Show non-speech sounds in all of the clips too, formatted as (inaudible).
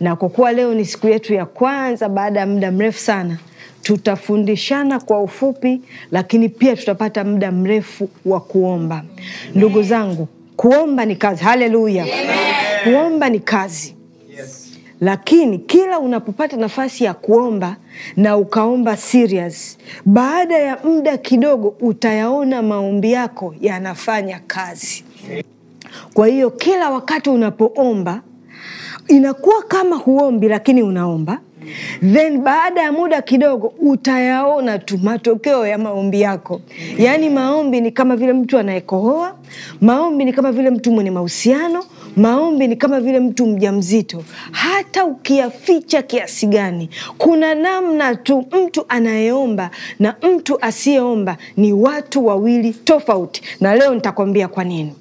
na kwa kuwa leo ni siku yetu ya kwanza baada ya muda mrefu sana, tutafundishana kwa ufupi, lakini pia tutapata muda mrefu wa kuomba. Ndugu zangu, kuomba ni kazi. Haleluya! Kuomba ni kazi Lakini kila unapopata nafasi ya kuomba na ukaomba serious, baada ya muda kidogo utayaona maombi yako yanafanya kazi. Kwa hiyo kila wakati unapoomba inakuwa kama huombi, lakini unaomba then baada ya muda kidogo utayaona tu matokeo ya maombi yako. Yaani maombi ni kama vile mtu anayekohoa, maombi ni kama vile mtu mwenye mahusiano, maombi ni kama vile mtu mja mzito Hata ukiyaficha kiasi gani, kuna namna tu mtu anayeomba na mtu asiyeomba ni watu wawili tofauti, na leo nitakwambia kwa nini.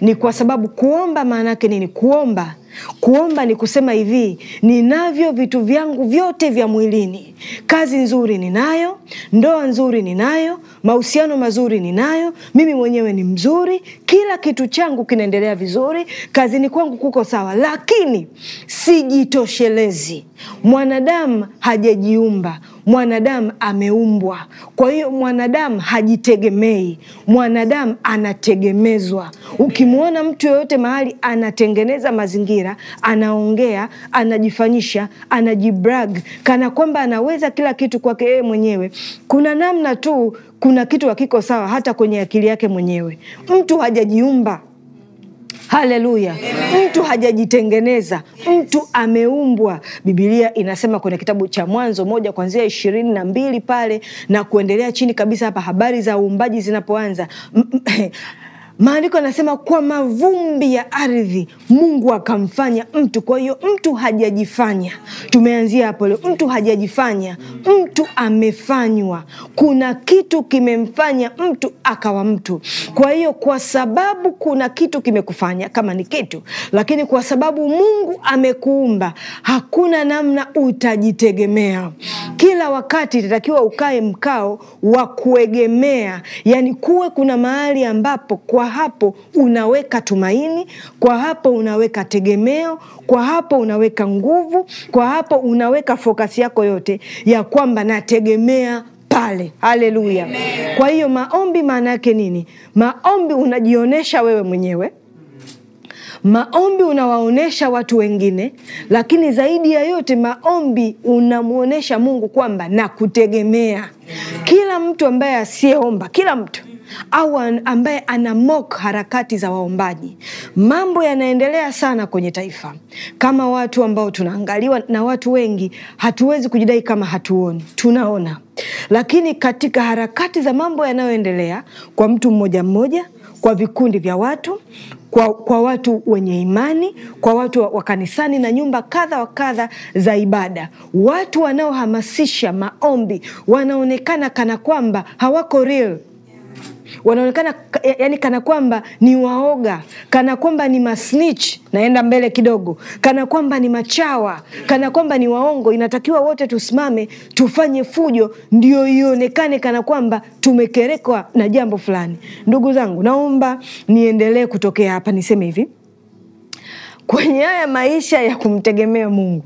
Ni kwa sababu kuomba maana yake nini? Kuomba, kuomba ni kusema hivi, ninavyo vitu vyangu vyote vya mwilini. Kazi nzuri ninayo, ndoa nzuri ninayo, mahusiano mazuri ninayo, mimi mwenyewe ni mzuri, kila kitu changu kinaendelea vizuri, kazini kwangu kuko sawa, lakini sijitoshelezi. Mwanadamu hajajiumba mwanadamu ameumbwa. Kwa hiyo mwanadamu hajitegemei, mwanadamu anategemezwa. Ukimwona mtu yoyote mahali anatengeneza mazingira, anaongea, anajifanyisha, anajibrag kana kwamba anaweza kila kitu kwake yeye mwenyewe, kuna namna tu, kuna kitu hakiko sawa hata kwenye akili yake mwenyewe. Mtu hajajiumba Haleluya! Mtu hajajitengeneza, mtu ameumbwa. Bibilia inasema kwenye kitabu cha Mwanzo moja kuanzia ishirini na mbili pale na kuendelea chini kabisa hapa, habari za uumbaji zinapoanza Maandiko anasema kwa mavumbi ya ardhi Mungu akamfanya mtu. Kwa hiyo mtu hajajifanya, tumeanzia hapo leo. Mtu hajajifanya, mtu amefanywa. Kuna kitu kimemfanya mtu akawa mtu. Kwa hiyo, kwa sababu kuna kitu kimekufanya, kama ni kitu, lakini kwa sababu Mungu amekuumba, hakuna namna utajitegemea. Kila wakati itatakiwa ukae mkao wa kuegemea, yani kuwe kuna mahali ambapo kwa hapo unaweka tumaini, kwa hapo unaweka tegemeo, kwa hapo unaweka nguvu, kwa hapo unaweka fokasi yako yote ya kwamba nategemea pale. Haleluya! Kwa hiyo maombi maana yake nini? Maombi unajionyesha wewe mwenyewe maombi unawaonyesha watu wengine, lakini zaidi ya yote maombi unamwonyesha Mungu kwamba nakutegemea. Kila mtu ambaye asiyeomba, kila mtu au ambaye ana mok harakati za waombaji. Mambo yanaendelea sana kwenye taifa, kama watu ambao tunaangaliwa na watu wengi, hatuwezi kujidai kama hatuoni, tunaona. Lakini katika harakati za mambo yanayoendelea kwa mtu mmoja mmoja, kwa vikundi vya watu, kwa, kwa watu wenye imani, kwa watu wa kanisani na nyumba kadha wa kadha za ibada, watu wanaohamasisha maombi wanaonekana kana kwamba hawako real wanaonekana yani kana kwamba ni waoga, kana kwamba ni masnitch, naenda mbele kidogo, kana kwamba ni machawa, kana kwamba ni waongo. Inatakiwa wote tusimame tufanye fujo, ndio ionekane kana kwamba tumekerekwa na jambo fulani. Ndugu zangu, naomba niendelee kutokea hapa, niseme hivi kwenye haya maisha ya kumtegemea Mungu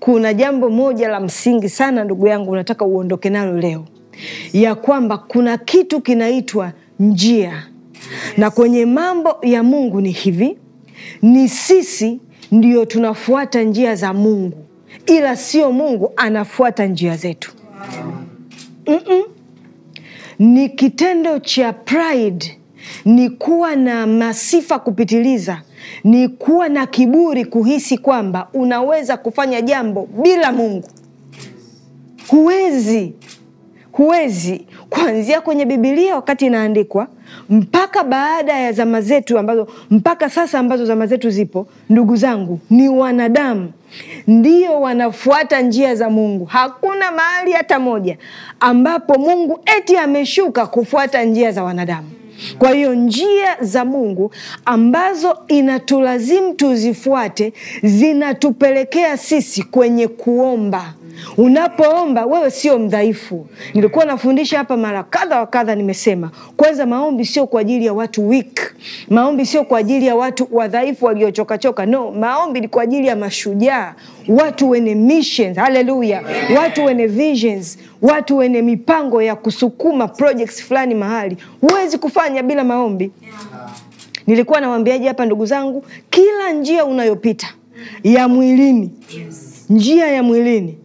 kuna jambo moja la msingi sana, ndugu yangu, unataka uondoke nalo leo ya kwamba kuna kitu kinaitwa njia, na kwenye mambo ya Mungu ni hivi, ni sisi ndiyo tunafuata njia za Mungu, ila sio Mungu anafuata njia zetu. mm -mm. Ni kitendo cha pride, ni kuwa na masifa kupitiliza, ni kuwa na kiburi, kuhisi kwamba unaweza kufanya jambo bila Mungu. Huwezi huwezi kuanzia kwenye Bibilia wakati inaandikwa mpaka baada ya zama zetu ambazo mpaka sasa ambazo zama zetu zipo, ndugu zangu, ni wanadamu ndio wanafuata njia za Mungu. Hakuna mahali hata moja ambapo Mungu eti ameshuka kufuata njia za wanadamu. Kwa hiyo njia za Mungu ambazo inatulazimu tuzifuate zinatupelekea sisi kwenye kuomba Unapoomba wewe sio mdhaifu. Nilikuwa nafundisha hapa mara kadha wa kadha, nimesema kwanza, maombi sio kwa ajili ya watu weak, maombi sio kwa ajili ya watu wadhaifu waliochokachoka. No, maombi ni kwa ajili ya mashujaa, watu wenye missions. Haleluya, watu wenye visions, watu wenye mipango ya kusukuma projects fulani mahali. Huwezi kufanya bila maombi. Nilikuwa nawaambiaje hapa ndugu zangu, kila njia unayopita ya mwilini, njia ya mwilini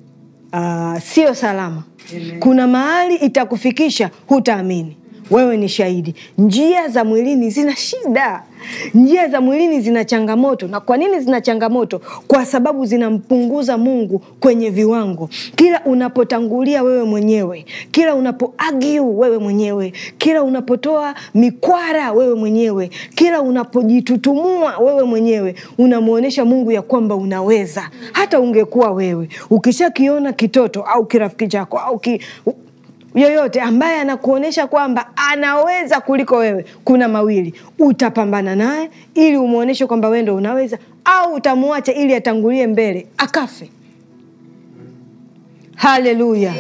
uh, sio salama. Amen. Kuna mahali itakufikisha hutaamini wewe ni shahidi, njia za mwilini zina shida, njia za mwilini zina changamoto. Na kwa nini zina changamoto? Kwa sababu zinampunguza Mungu kwenye viwango. Kila unapotangulia wewe mwenyewe, kila unapoagiu wewe mwenyewe, kila unapotoa mikwara wewe mwenyewe, kila unapojitutumua wewe mwenyewe, unamwonyesha Mungu ya kwamba unaweza. Hata ungekuwa wewe ukishakiona kitoto au kirafiki chako au ki yoyote ambaye anakuonyesha kwamba anaweza kuliko wewe, kuna mawili: utapambana naye ili umwonyeshe kwamba wewe ndo unaweza, au utamwacha ili atangulie mbele akafe. Haleluya,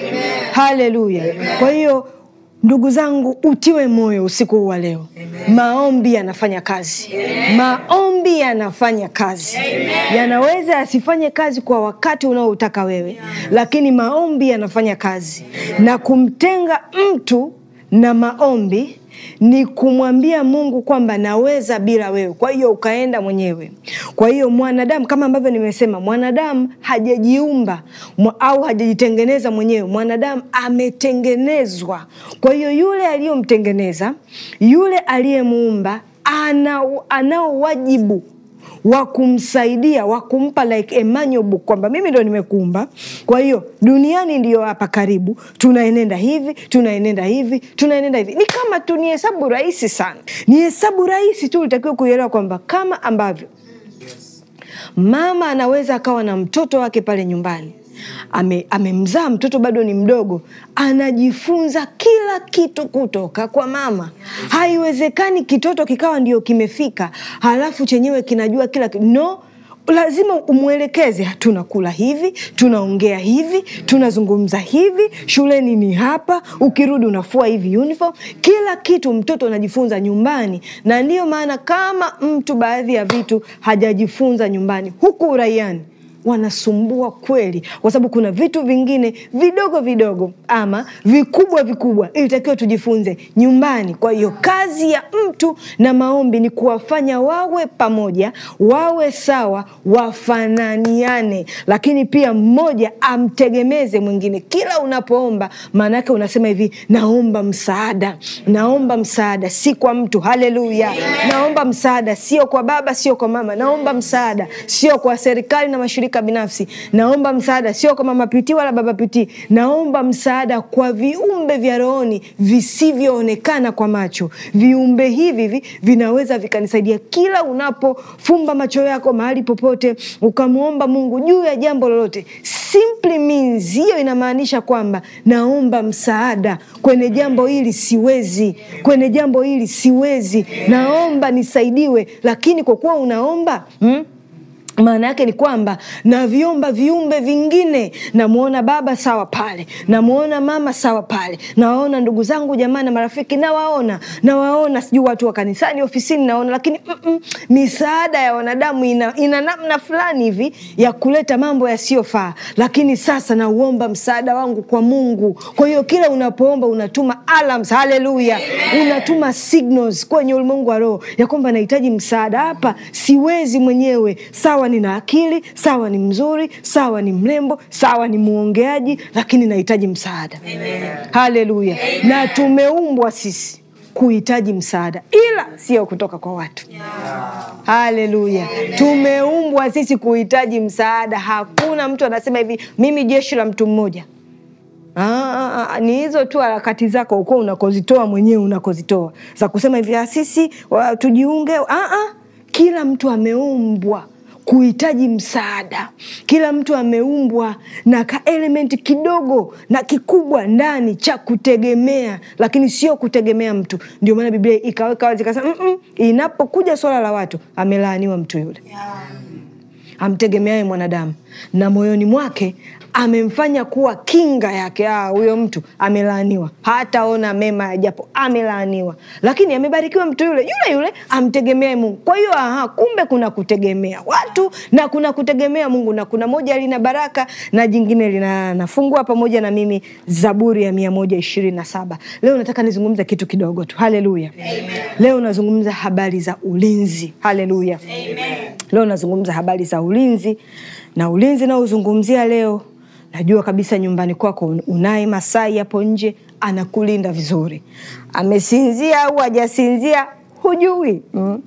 haleluya! Kwa hiyo Ndugu zangu, utiwe moyo usiku huu wa leo. Maombi yanafanya kazi. Amen. Maombi yanafanya kazi. Amen. Yanaweza yasifanye kazi kwa wakati unaoutaka wewe. Lakini maombi yanafanya kazi. Amen. Na kumtenga mtu na maombi ni kumwambia Mungu kwamba naweza bila wewe, kwa hiyo ukaenda mwenyewe. Kwa hiyo mwanadamu, kama ambavyo nimesema, mwanadamu hajajiumba au hajajitengeneza mwenyewe, mwanadamu ametengenezwa. Kwa hiyo yule aliyomtengeneza, yule aliyemuumba, anao wajibu wa kumsaidia wa kumpa like Emmanuel book kwamba mimi ndo nimekuumba, kwa hiyo duniani ndiyo hapa karibu, tunaenenda hivi tunaenenda hivi tunaenenda hivi. Ni kama tu ni hesabu rahisi sana, ni hesabu rahisi tu. Ulitakiwa kuielewa kwamba kama ambavyo mama anaweza akawa na mtoto wake pale nyumbani ame, amemzaa mtoto bado ni mdogo, anajifunza kila kitu kutoka kwa mama. Haiwezekani kitoto kikawa ndio kimefika halafu chenyewe kinajua kila kitu no. Lazima umwelekeze, tunakula hivi, tunaongea hivi, tunazungumza hivi, shuleni ni hapa, ukirudi unafua hivi uniform. Kila kitu mtoto anajifunza nyumbani, na ndiyo maana kama mtu baadhi ya vitu hajajifunza nyumbani, huku uraiani wanasumbua kweli, kwa sababu kuna vitu vingine vidogo vidogo ama vikubwa vikubwa ilitakiwa tujifunze nyumbani. Kwa hiyo kazi ya mtu na maombi ni kuwafanya wawe pamoja, wawe sawa, wafananiane, lakini pia mmoja amtegemeze mwingine. Kila unapoomba, maana yake unasema hivi, naomba msaada, naomba msaada, si kwa mtu. Haleluya! Naomba msaada sio kwa baba, sio kwa mama, naomba msaada sio kwa serikali na mashirika nimegawanyika binafsi, naomba msaada, sio kwa mama Piti wala baba Piti, naomba msaada kwa viumbe vya rohoni visivyoonekana kwa macho. Viumbe hivi hivi vinaweza vikanisaidia kila unapofumba macho yako mahali popote, ukamwomba Mungu juu ya jambo lolote. hiyo inamaanisha kwamba naomba msaada kwenye jambo hili, siwezi kwenye jambo hili, siwezi, naomba nisaidiwe. Lakini kwa kuwa unaomba hmm? maana yake ni kwamba naviomba viumbe vingine, namwona baba sawa pale, namwona mama sawa pale, nawaona ndugu zangu jamaa na marafiki, nawaona nawaona, sijui watu wa kanisani, ofisini nawaona, lakini mm -mm, misaada ya wanadamu ina, ina namna fulani hivi ya kuleta mambo yasiyofaa, lakini sasa nauomba msaada wangu kwa Mungu. Kwa hiyo kila unapoomba unatuma alarms, haleluya, unatuma signals kwenye ulimwengu wa roho ya kwamba nahitaji msaada hapa, siwezi mwenyewe, sawa sawa nina akili, sawa ni mzuri, sawa ni mrembo, sawa ni mwongeaji, lakini nahitaji msaada. Haleluya! Na tumeumbwa sisi kuhitaji msaada ila sio kutoka kwa watu yeah. Haleluya, tumeumbwa sisi kuhitaji msaada. Hakuna mtu anasema hivi mimi jeshi la mtu mmoja. Ah, ah, ah, ni hizo tu harakati zako ukuwa unakozitoa mwenyewe unakozitoa za kusema hivi sisi tujiunge. kila mtu ameumbwa kuhitaji msaada. Kila mtu ameumbwa na ka element kidogo na kikubwa ndani cha kutegemea, lakini sio kutegemea mtu. Ndio maana Biblia ikaweka wazi kasema, mm -mm, inapokuja swala la watu, amelaaniwa mtu yule amtegemeaye mwanadamu na moyoni mwake amemfanya kuwa kinga yake. Ah, huyo mtu amelaaniwa, hataona mema yajapo, amelaaniwa. Lakini amebarikiwa mtu yule yule yule, amtegemee Mungu. Kwa hiyo aha, kumbe kuna kutegemea watu na kuna kutegemea Mungu, na kuna moja lina baraka na jingine lina nafungua. pamoja na mimi Zaburi ya mia moja ishirini na saba. Leo nataka nizungumza kitu kidogo tu. Haleluya! Leo nazungumza habari za ulinzi. Haleluya! Leo nazungumza habari za ulinzi, na ulinzi naozungumzia leo najua kabisa nyumbani kwako unaye Masai hapo nje anakulinda vizuri, amesinzia au hajasinzia hujui. mm.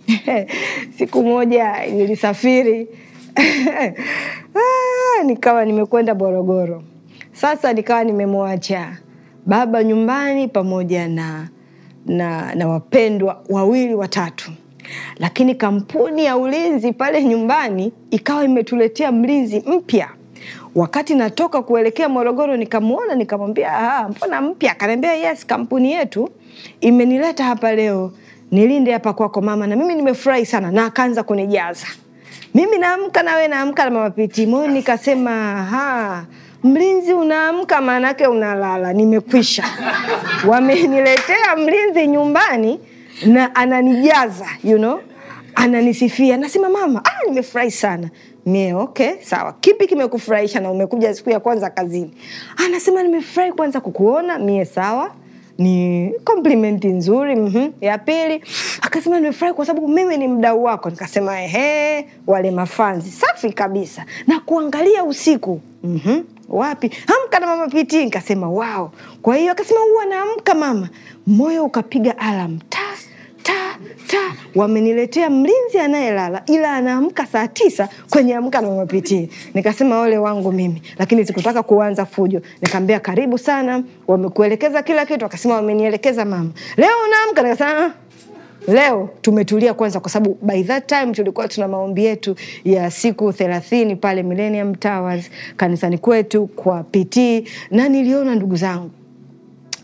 (laughs) siku moja nilisafiri (laughs) ah, nikawa nimekwenda borogoro Sasa nikawa nimemwacha baba nyumbani pamoja na, na, na wapendwa wawili watatu, lakini kampuni ya ulinzi pale nyumbani ikawa imetuletea mlinzi mpya Wakati natoka kuelekea Morogoro nikamwona, nikamwambia ah, mbona mpya? Akaniambia yes, kampuni yetu imenileta hapa leo, nilinde hapa kwako mama. Na mimi nimefurahi sana, na akaanza kunijaza mimi naamka nawe naamka na mama Piti moyo, nikasema ha mlinzi unaamka, maanake unalala. Nimekwisha, (laughs) wameniletea mlinzi nyumbani na ananijaza you know, ananisifia. Nasema mama, ah, nimefurahi sana mie okay, sawa, kipi kimekufurahisha na umekuja siku ya kwanza kazini? Anasema nimefurahi kwanza kukuona. Mie sawa, ni komplimenti nzuri. mm -hmm. Ya pili akasema nimefurahi kwa sababu mimi ni mdau wako. Nikasema ehe, wale mafanzi safi kabisa, na kuangalia usiku. mm -hmm. Wapi amka na mama piti. Nikasema wao. Kwa hiyo akasema huwa naamka mama. Moyo ukapiga alam tas ta ta, wameniletea mlinzi anayelala ila anaamka saa tisa kwenye amka na mapitii. Nikasema ole wangu mimi, lakini sikutaka kuanza fujo. Nikamwambia karibu sana, wamekuelekeza kila kitu. Akasema wamenielekeza mama, leo unaamka. Nikasema ah, leo tumetulia kwanza, kwa sababu by that time tulikuwa tuna maombi yetu ya siku thelathini pale Millennium Towers kanisani kwetu kwa PT, na niliona ndugu zangu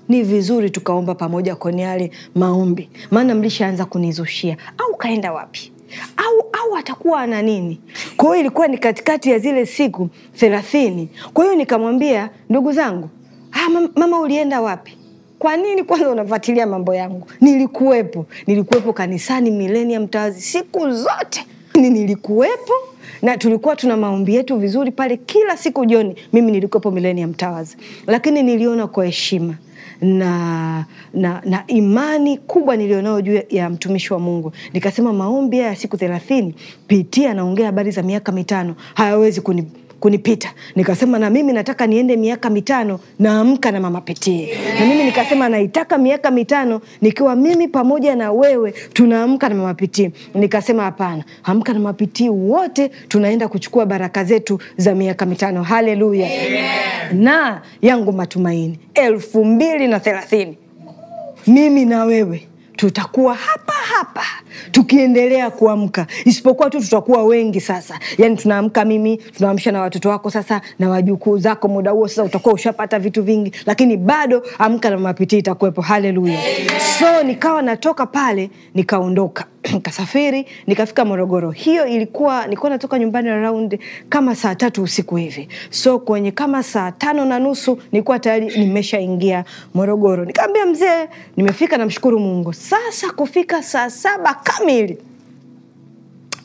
ni vizuri tukaomba pamoja kwenye yale maombi, maana mlishaanza kunizushia au kaenda wapi au au atakuwa ana nini? Kwa hiyo ilikuwa ni katikati ya zile siku thelathini. Kwa hiyo nikamwambia ndugu zangu, ah, mama ulienda wapi? Kwa nini kwanza unafuatilia mambo yangu? Nilikuwepo, nilikuwepo kanisani milenia mtawazi siku zote, ni nilikuwepo na tulikuwa tuna maombi yetu vizuri pale kila siku jioni. Mimi nilikuwepo milenia mtawazi, lakini niliona kwa heshima na, na, na imani kubwa nilionayo juu ya mtumishi wa Mungu. Nikasema maombi haya ya siku thelathini, pitia, naongea habari za miaka mitano, hayawezi kuni kunipita. Nikasema na mimi nataka niende miaka mitano naamka na mama petee. Na mimi nikasema naitaka miaka mitano nikiwa mimi pamoja na wewe tunaamka na mama petee. Nikasema hapana, amka na mama wote tunaenda kuchukua baraka zetu za miaka mitano. Haleluya. Na yangu matumaini elfu mbili na thelathini mimi na wewe tutakuwa hapa hapa tukiendelea kuamka, isipokuwa tu tutakuwa wengi sasa. Yani tunaamka mimi, tunaamsha na watoto wako sasa na wajukuu zako. Muda huo sasa utakuwa ushapata vitu vingi, lakini bado amka na mapitii itakuwepo. Haleluya! So nikawa natoka pale nikaondoka (clears throat) nikasafiri nikafika Morogoro. Hiyo ilikuwa nilikuwa natoka nyumbani around kama saa tatu usiku hivi, so kwenye kama saa tano na nusu nilikuwa tayari nimeshaingia Morogoro. Nikaambia mzee, nimefika, namshukuru Mungu. Sasa kufika saa saba kamili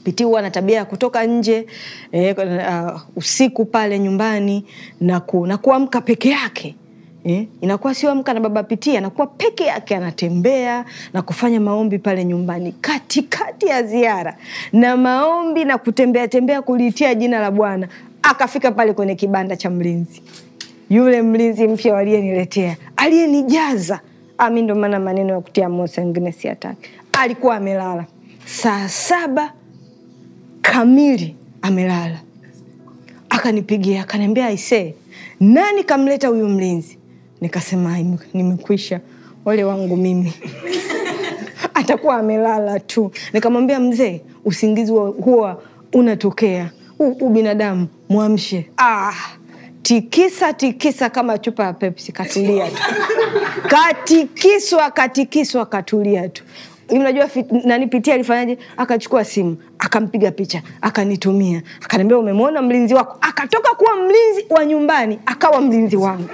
Piti huwa na tabia ya kutoka nje eh, uh, usiku pale nyumbani na, na kuamka peke yake eh? Inakuwa sio amka na baba pitia, anakuwa peke yake anatembea na kufanya maombi pale nyumbani katikati ya ziara na maombi na kutembea tembea kulitia jina la Bwana. Akafika pale kwenye kibanda cha mlinzi, yule mlinzi mpya waliyeniletea, aliyenijaza ami, ndo maana maneno ya kutia mosa ingine atake Alikuwa amelala saa saba kamili amelala, akanipigia akaniambia, aisee, nani kamleta huyu mlinzi? nikasema nimekwisha, ole wangu mimi (laughs) atakuwa amelala tu. Nikamwambia mzee, usingizi huwa unatokea, huu binadamu mwamshe. Ah, tikisa tikisa kama chupa ya Pepsi, katulia tu (laughs) katikiswa katikiswa, katulia tu. Unajua nanipitia Pitia alifanyaje? Akachukua simu akampiga picha akanitumia, akaniambia umemwona mlinzi wako, akatoka kuwa mlinzi wa nyumbani akawa mlinzi wangu.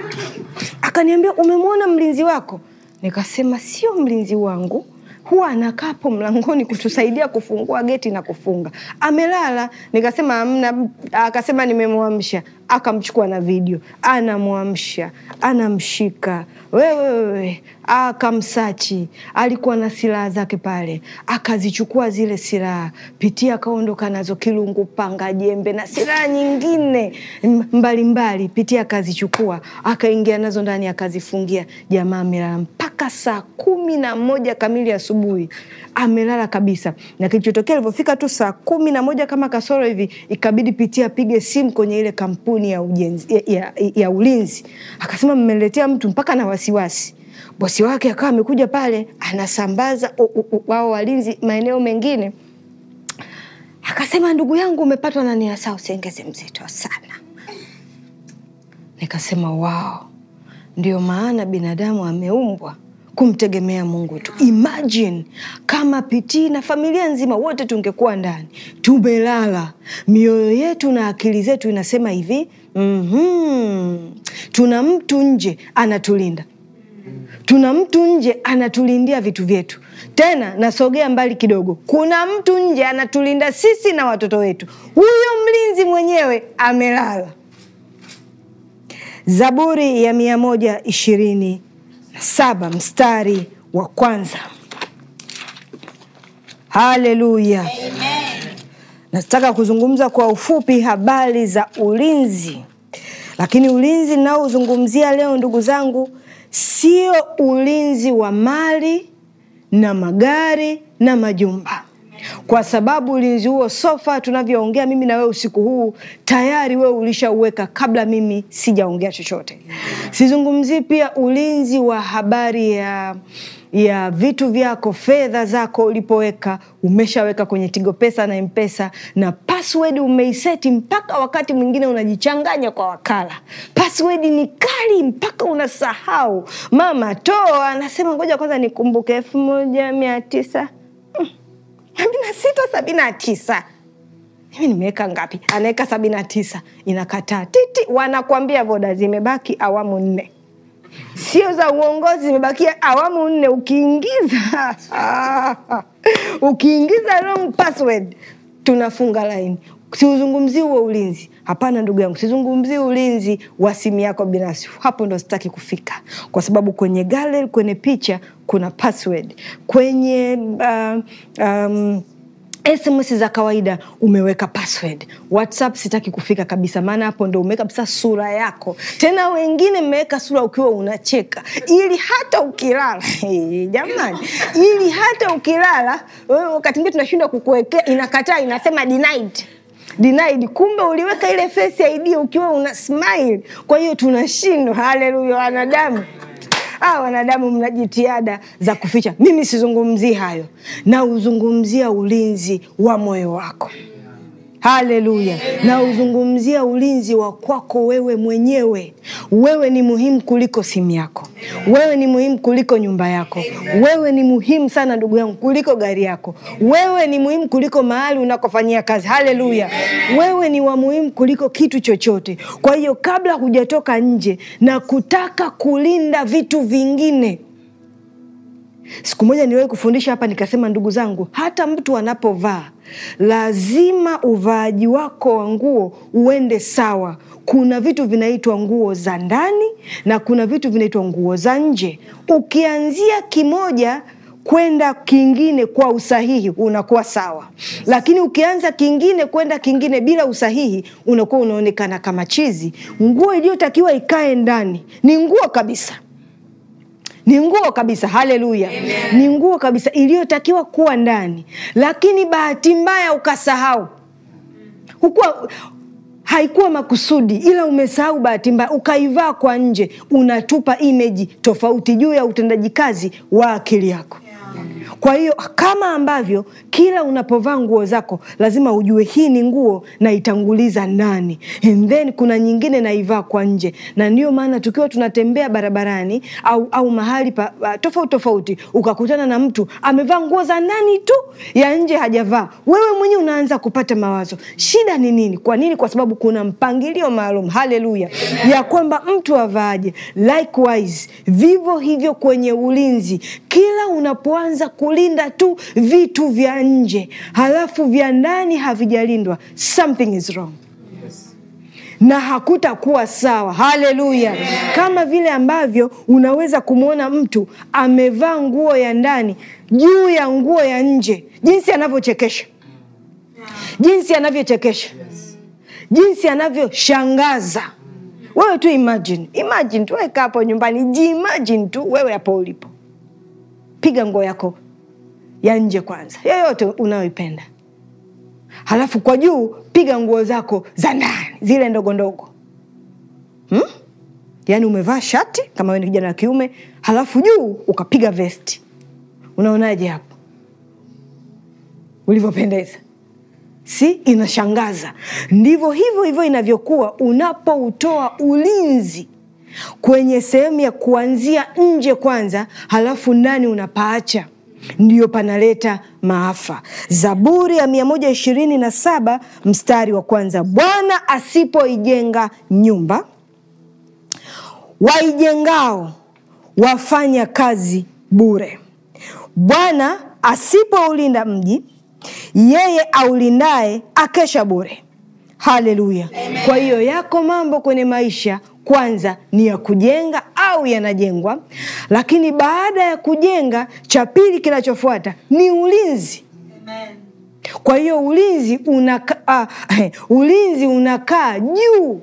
Akaniambia umemwona mlinzi wako, nikasema sio mlinzi wangu huwa anakaapo mlangoni kutusaidia kufungua geti na kufunga, amelala. Nikasema amna. Akasema nimemwamsha, akamchukua na video, anamwamsha, anamshika wewewe, akamsachi. Alikuwa na silaha zake pale, akazichukua zile silaha pitia, akaondoka nazo, kilungu, panga, jembe na silaha nyingine mbalimbali, mbali. pitia akazichukua, akaingia nazo ndani, akazifungia. Jamaa amelala mpaka saa kumi na moja kamili asubuhi, amelala kabisa. Na kilichotokea ilivyofika tu saa kumi na moja kama kasoro hivi, ikabidi pitia apige simu kwenye ile kampuni kampuni ya, ujenzi, ya, ya, ya ulinzi. Akasema mmeletea mtu mpaka na wasiwasi. Bosi wake akawa amekuja pale anasambaza wao walinzi maeneo mengine. Akasema ndugu yangu, umepatwa na nia saa mzito sana. Nikasema wao, ndio maana binadamu ameumbwa kumtegemea Mungu tu. Imagine kama Pitii na familia nzima wote tungekuwa ndani tumelala, mioyo yetu na akili zetu inasema hivi mm -hmm. tuna mtu nje anatulinda, tuna mtu nje anatulindia vitu vyetu. Tena nasogea mbali kidogo, kuna mtu nje anatulinda sisi na watoto wetu. Huyo mlinzi mwenyewe amelala. Zaburi ya mia moja ishirini saba mstari wa kwanza. Haleluya! Nataka kuzungumza kwa ufupi habari za ulinzi, lakini ulinzi ninaozungumzia leo, ndugu zangu, sio ulinzi wa mali na magari na majumba kwa sababu ulinzi huo sofa tunavyoongea mimi na wewe usiku huu tayari wewe ulishauweka kabla mimi sijaongea chochote. Sizungumzii pia ulinzi wa habari ya ya vitu vyako, fedha zako ulipoweka, umeshaweka kwenye Tigo Pesa na mpesa na password umeiseti, mpaka wakati mwingine unajichanganya kwa wakala. Password ni kali mpaka unasahau. Mama toa anasema ngoja kwanza nikumbuke elfu moja mia tisa sabini na sita sabini na tisa mimi nimeweka ngapi? Anaweka sabini na tisa, inakataa titi. Wanakwambia voda zimebaki awamu nne, sio za uongozi, zimebakia awamu nne. Ukiingiza (laughs) ukiingiza wrong password tunafunga laini. Siuzungumziwe ulinzi. Hapana ndugu yangu, sizungumzii ulinzi wa simu yako binafsi. Hapo ndo sitaki kufika, kwa sababu kwenye gallery, kwenye picha kuna password, kwenye uh, um, SMS um, za kawaida umeweka password. WhatsApp sitaki kufika kabisa, maana hapo ndo umeweka kabisa sura yako. Tena wengine mmeweka sura ukiwa unacheka, ili hata ukilala (laughs) jamani, ili hata ukilala wakati mwingine tunashindwa kukuwekea, inakataa inasema denied denied. Kumbe uliweka ile face ID ukiwa una smile. Kwa hiyo tunashindwa. Haleluya, wanadamu Ah, wanadamu mna jitihada za kuficha. Mimi sizungumzii hayo, nauzungumzia ulinzi wa moyo wako. Haleluya! Na uzungumzia ulinzi wa kwako wewe mwenyewe. Wewe ni muhimu kuliko simu yako, wewe ni muhimu kuliko nyumba yako, wewe ni muhimu sana ndugu yangu kuliko gari yako, wewe ni muhimu kuliko mahali unakofanyia kazi. Haleluya! Wewe ni wa muhimu kuliko kitu chochote. Kwa hiyo kabla hujatoka nje na kutaka kulinda vitu vingine Siku moja niliwahi kufundisha hapa nikasema, ndugu zangu, hata mtu anapovaa lazima uvaaji wako wa nguo uende sawa. Kuna vitu vinaitwa nguo za ndani na kuna vitu vinaitwa nguo za nje. Ukianzia kimoja kwenda kingine kwa usahihi unakuwa sawa, lakini ukianza kingine kwenda kingine bila usahihi unakuwa unaonekana kama chizi. Nguo iliyotakiwa ikae ndani ni nguo kabisa ni nguo kabisa, haleluya, ni nguo kabisa iliyotakiwa kuwa ndani, lakini bahati mbaya ukasahau. Hukuwa, haikuwa makusudi, ila umesahau bahati mbaya, ukaivaa kwa nje, unatupa imeji tofauti juu ya utendaji kazi wa akili yako. Kwa hiyo kama ambavyo kila unapovaa nguo zako lazima ujue hii ni nguo naitanguliza nani, and then kuna nyingine naivaa kwa nje. Na ndiyo maana tukiwa tunatembea barabarani au, au mahali pa, tofauti tofauti, ukakutana na mtu amevaa nguo za ndani tu ya nje hajavaa, wewe mwenyewe unaanza kupata mawazo, shida ni nini? Kwa nini? Kwa sababu kuna mpangilio maalum, haleluya, ya kwamba mtu avaaje. Likewise vivyo hivyo kwenye ulinzi, kila unapoanza ku kulinda tu vitu vya nje, halafu vya ndani havijalindwa, something is wrong na hakutakuwa sawa. Haleluya! Kama vile ambavyo unaweza kumwona mtu amevaa nguo ya ndani juu ya nguo ya nje, jinsi anavyochekesha, jinsi anavyochekesha, jinsi anavyoshangaza. Wewe tu imagine, imagine tu, weka hapo nyumbani, jiimagine tu wewe hapo ulipo, piga nguo yako ya nje kwanza, yoyote unayoipenda, halafu kwa juu piga nguo zako za ndani zile ndogo ndogo hmm? Yaani umevaa shati kama wewe ni kijana wa kiume, halafu juu ukapiga vesti. Unaonaje hapo ulivyopendeza? Si inashangaza? Ndivyo hivyo hivyo inavyokuwa unapoutoa ulinzi kwenye sehemu ya kuanzia nje kwanza, halafu ndani unapaacha ndiyo panaleta maafa. Zaburi ya mia ishirini na saba mstari wa kwanza, Bwana asipoijenga nyumba, waijengao wafanya kazi bure. Bwana asipoulinda mji, yeye aulindaye akesha bure. Haleluya! Kwa hiyo yako mambo kwenye maisha kwanza ni ya kujenga au yanajengwa, lakini baada ya kujenga, cha pili kinachofuata ni ulinzi. Amen. Kwa hiyo ulinzi unakaa, uh, eh, ulinzi unakaa juu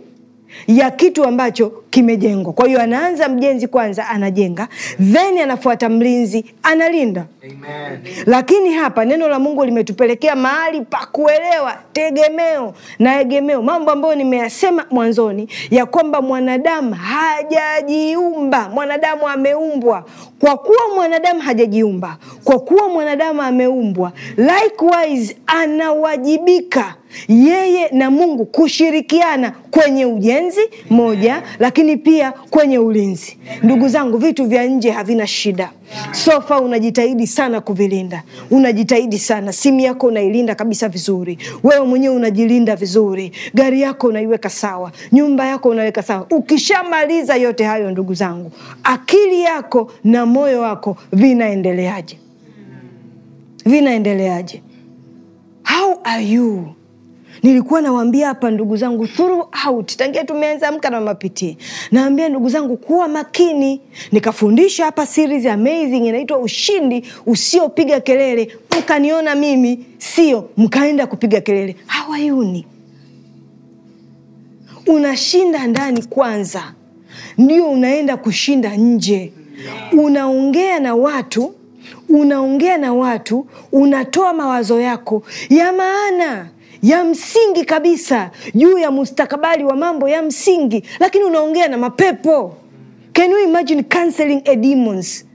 ya kitu ambacho kimejengwa. Kwa hiyo anaanza mjenzi kwanza, anajenga then anafuata mlinzi, analinda. Amen. Lakini hapa neno la Mungu limetupelekea mahali pa kuelewa tegemeo na egemeo, mambo ambayo nimeyasema mwanzoni ya kwamba mwanadamu hajajiumba. Mwanadamu ameumbwa. Kwa kuwa mwanadamu hajajiumba, kwa kuwa mwanadamu ameumbwa, likewise anawajibika yeye na Mungu kushirikiana kwenye ujenzi moja, lakini pia kwenye ulinzi. Ndugu zangu, vitu vya nje havina shida. Sofa unajitahidi sana kuvilinda, unajitahidi sana. Simu yako unailinda kabisa vizuri, wewe mwenyewe unajilinda vizuri, gari yako unaiweka sawa, nyumba yako unaweka sawa. Ukishamaliza yote hayo, ndugu zangu, akili yako na moyo wako vinaendeleaje? Vinaendeleaje? How are you? nilikuwa nawaambia hapa ndugu zangu throughout tangia tumeanza amka na mapitii naambia ndugu zangu kuwa makini nikafundisha hapa series amazing inaitwa ushindi usiopiga kelele mkaniona mimi sio mkaenda kupiga kelele hawayuni unashinda ndani kwanza ndio unaenda kushinda nje unaongea na watu unaongea na watu unatoa mawazo yako ya maana ya msingi kabisa juu ya mustakabali wa mambo ya msingi, lakini unaongea na mapepo. Can you imagine canceling a demons?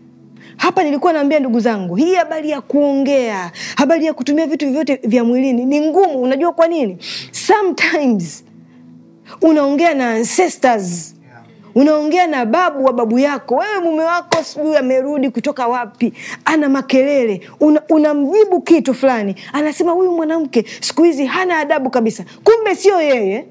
Hapa nilikuwa naambia ndugu zangu, hii habari ya kuongea, habari ya kutumia vitu vyovyote vya mwilini ni ngumu. Unajua kwa nini? Sometimes unaongea na ancestors unaongea na babu wa babu yako, wewe mume wako sijui amerudi kutoka wapi, ana makelele, unamjibu una kitu fulani, anasema huyu mwanamke siku hizi hana adabu kabisa. Kumbe sio yeye,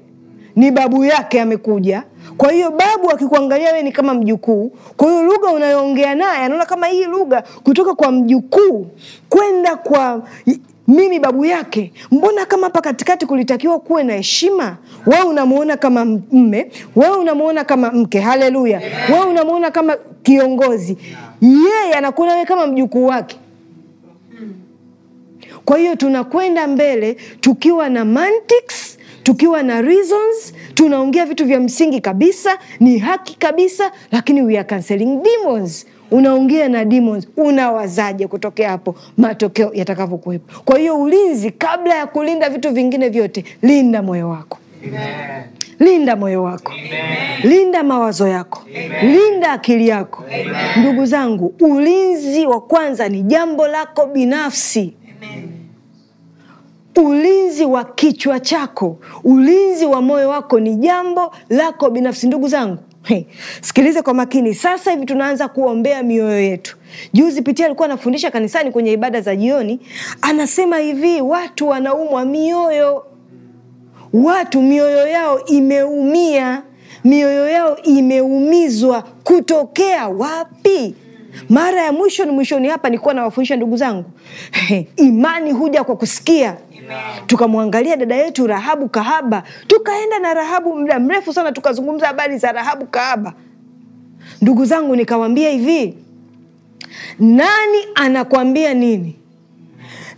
ni babu yake amekuja. Kwa hiyo babu akikuangalia wewe ni kama mjukuu, kwa hiyo lugha unayoongea naye anaona kama hii lugha kutoka kwa mjukuu kwenda kwa mimi babu yake, mbona kama hapa katikati kulitakiwa kuwe na heshima? Wewe unamwona kama mme, wewe unamwona kama mke, haleluya! Wewe unamwona kama kiongozi, yeye anakuona wewe kama mjukuu wake. Kwa hiyo tunakwenda mbele tukiwa na mantics, tukiwa na reasons, tunaongea vitu vya msingi kabisa, ni haki kabisa, lakini we are cancelling demons unaongea na demons, unawazaje kutokea hapo matokeo yatakavyokuwepo. Kwa hiyo ulinzi, kabla ya kulinda vitu vingine vyote, linda moyo wako Amen. Linda moyo wako Amen. Linda mawazo yako Amen. Linda akili yako Amen. Ndugu zangu, ulinzi wa kwanza ni jambo lako binafsi Amen. Ulinzi wa kichwa chako, ulinzi wa moyo wako ni jambo lako binafsi, ndugu zangu. Hey, sikilize kwa makini sasa hivi, tunaanza kuombea mioyo yetu. Juzi Pitia alikuwa anafundisha kanisani kwenye ibada za jioni, anasema hivi, watu wanaumwa mioyo, watu mioyo yao imeumia, mioyo yao imeumizwa. Kutokea wapi? Mara ya mwisho ni mwishoni hapa nilikuwa nawafundisha ndugu zangu, hey, imani huja kwa kusikia tukamwangalia dada yetu Rahabu Kahaba, tukaenda na Rahabu muda mrefu sana, tukazungumza habari za Rahabu Kahaba. Ndugu zangu, nikawambia hivi, nani anakwambia nini?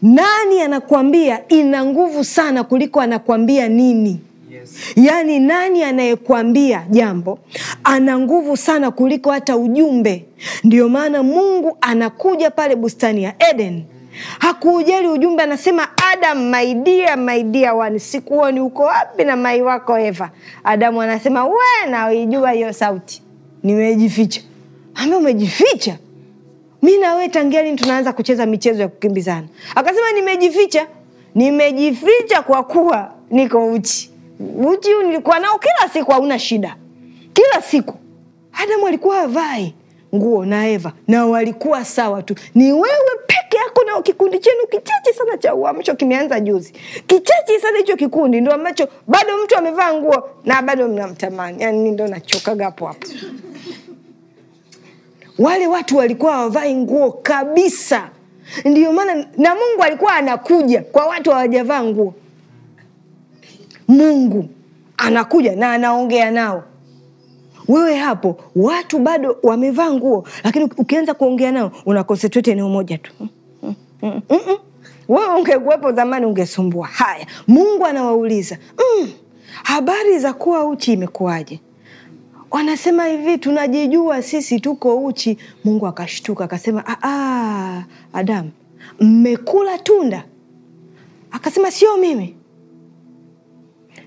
Nani anakwambia ina nguvu sana kuliko anakwambia nini? Yes. Yaani, nani anayekwambia jambo ana nguvu sana kuliko hata ujumbe. ndio maana Mungu anakuja pale bustani ya Eden hakuujali ujumbe, anasema Adam, my dear, my dear one, sikuoni uko wapi na mai wako Eva. Adamu anasema we naijua hiyo sauti, nimejificha. Ame, umejificha? mi nawe tangia lini tunaanza kucheza michezo ya kukimbizana? Akasema nimejificha, nimejificha kwa kuwa niko uchi. Uchi nilikuwa nao kila siku, hauna shida. Kila siku Adamu alikuwa avai nguo na Eva na walikuwa sawa tu. Ni wewe peke yako nao kikundi chenu kichache sana cha Uamsho, kimeanza juzi. Kichache sana hicho kikundi ndo ambacho bado mtu amevaa nguo na bado mnamtamani. Yani ndo nachokaga hapo hapo. Wale watu walikuwa hawavai nguo kabisa, ndio maana na Mungu alikuwa anakuja kwa watu hawajavaa nguo. Mungu anakuja na anaongea nao wewe hapo watu bado wamevaa nguo, lakini ukianza kuongea nao unakonsentrate eneo moja tu. Mm mm, mm, mm -mm. Wewe ungekuwepo zamani ungesumbua. Haya, Mungu anawauliza mm, habari za kuwa uchi imekuwaje? Wanasema hivi, tunajijua sisi tuko uchi. Mungu akashtuka akasema, ah, ah, Adamu mmekula tunda? Akasema sio mimi,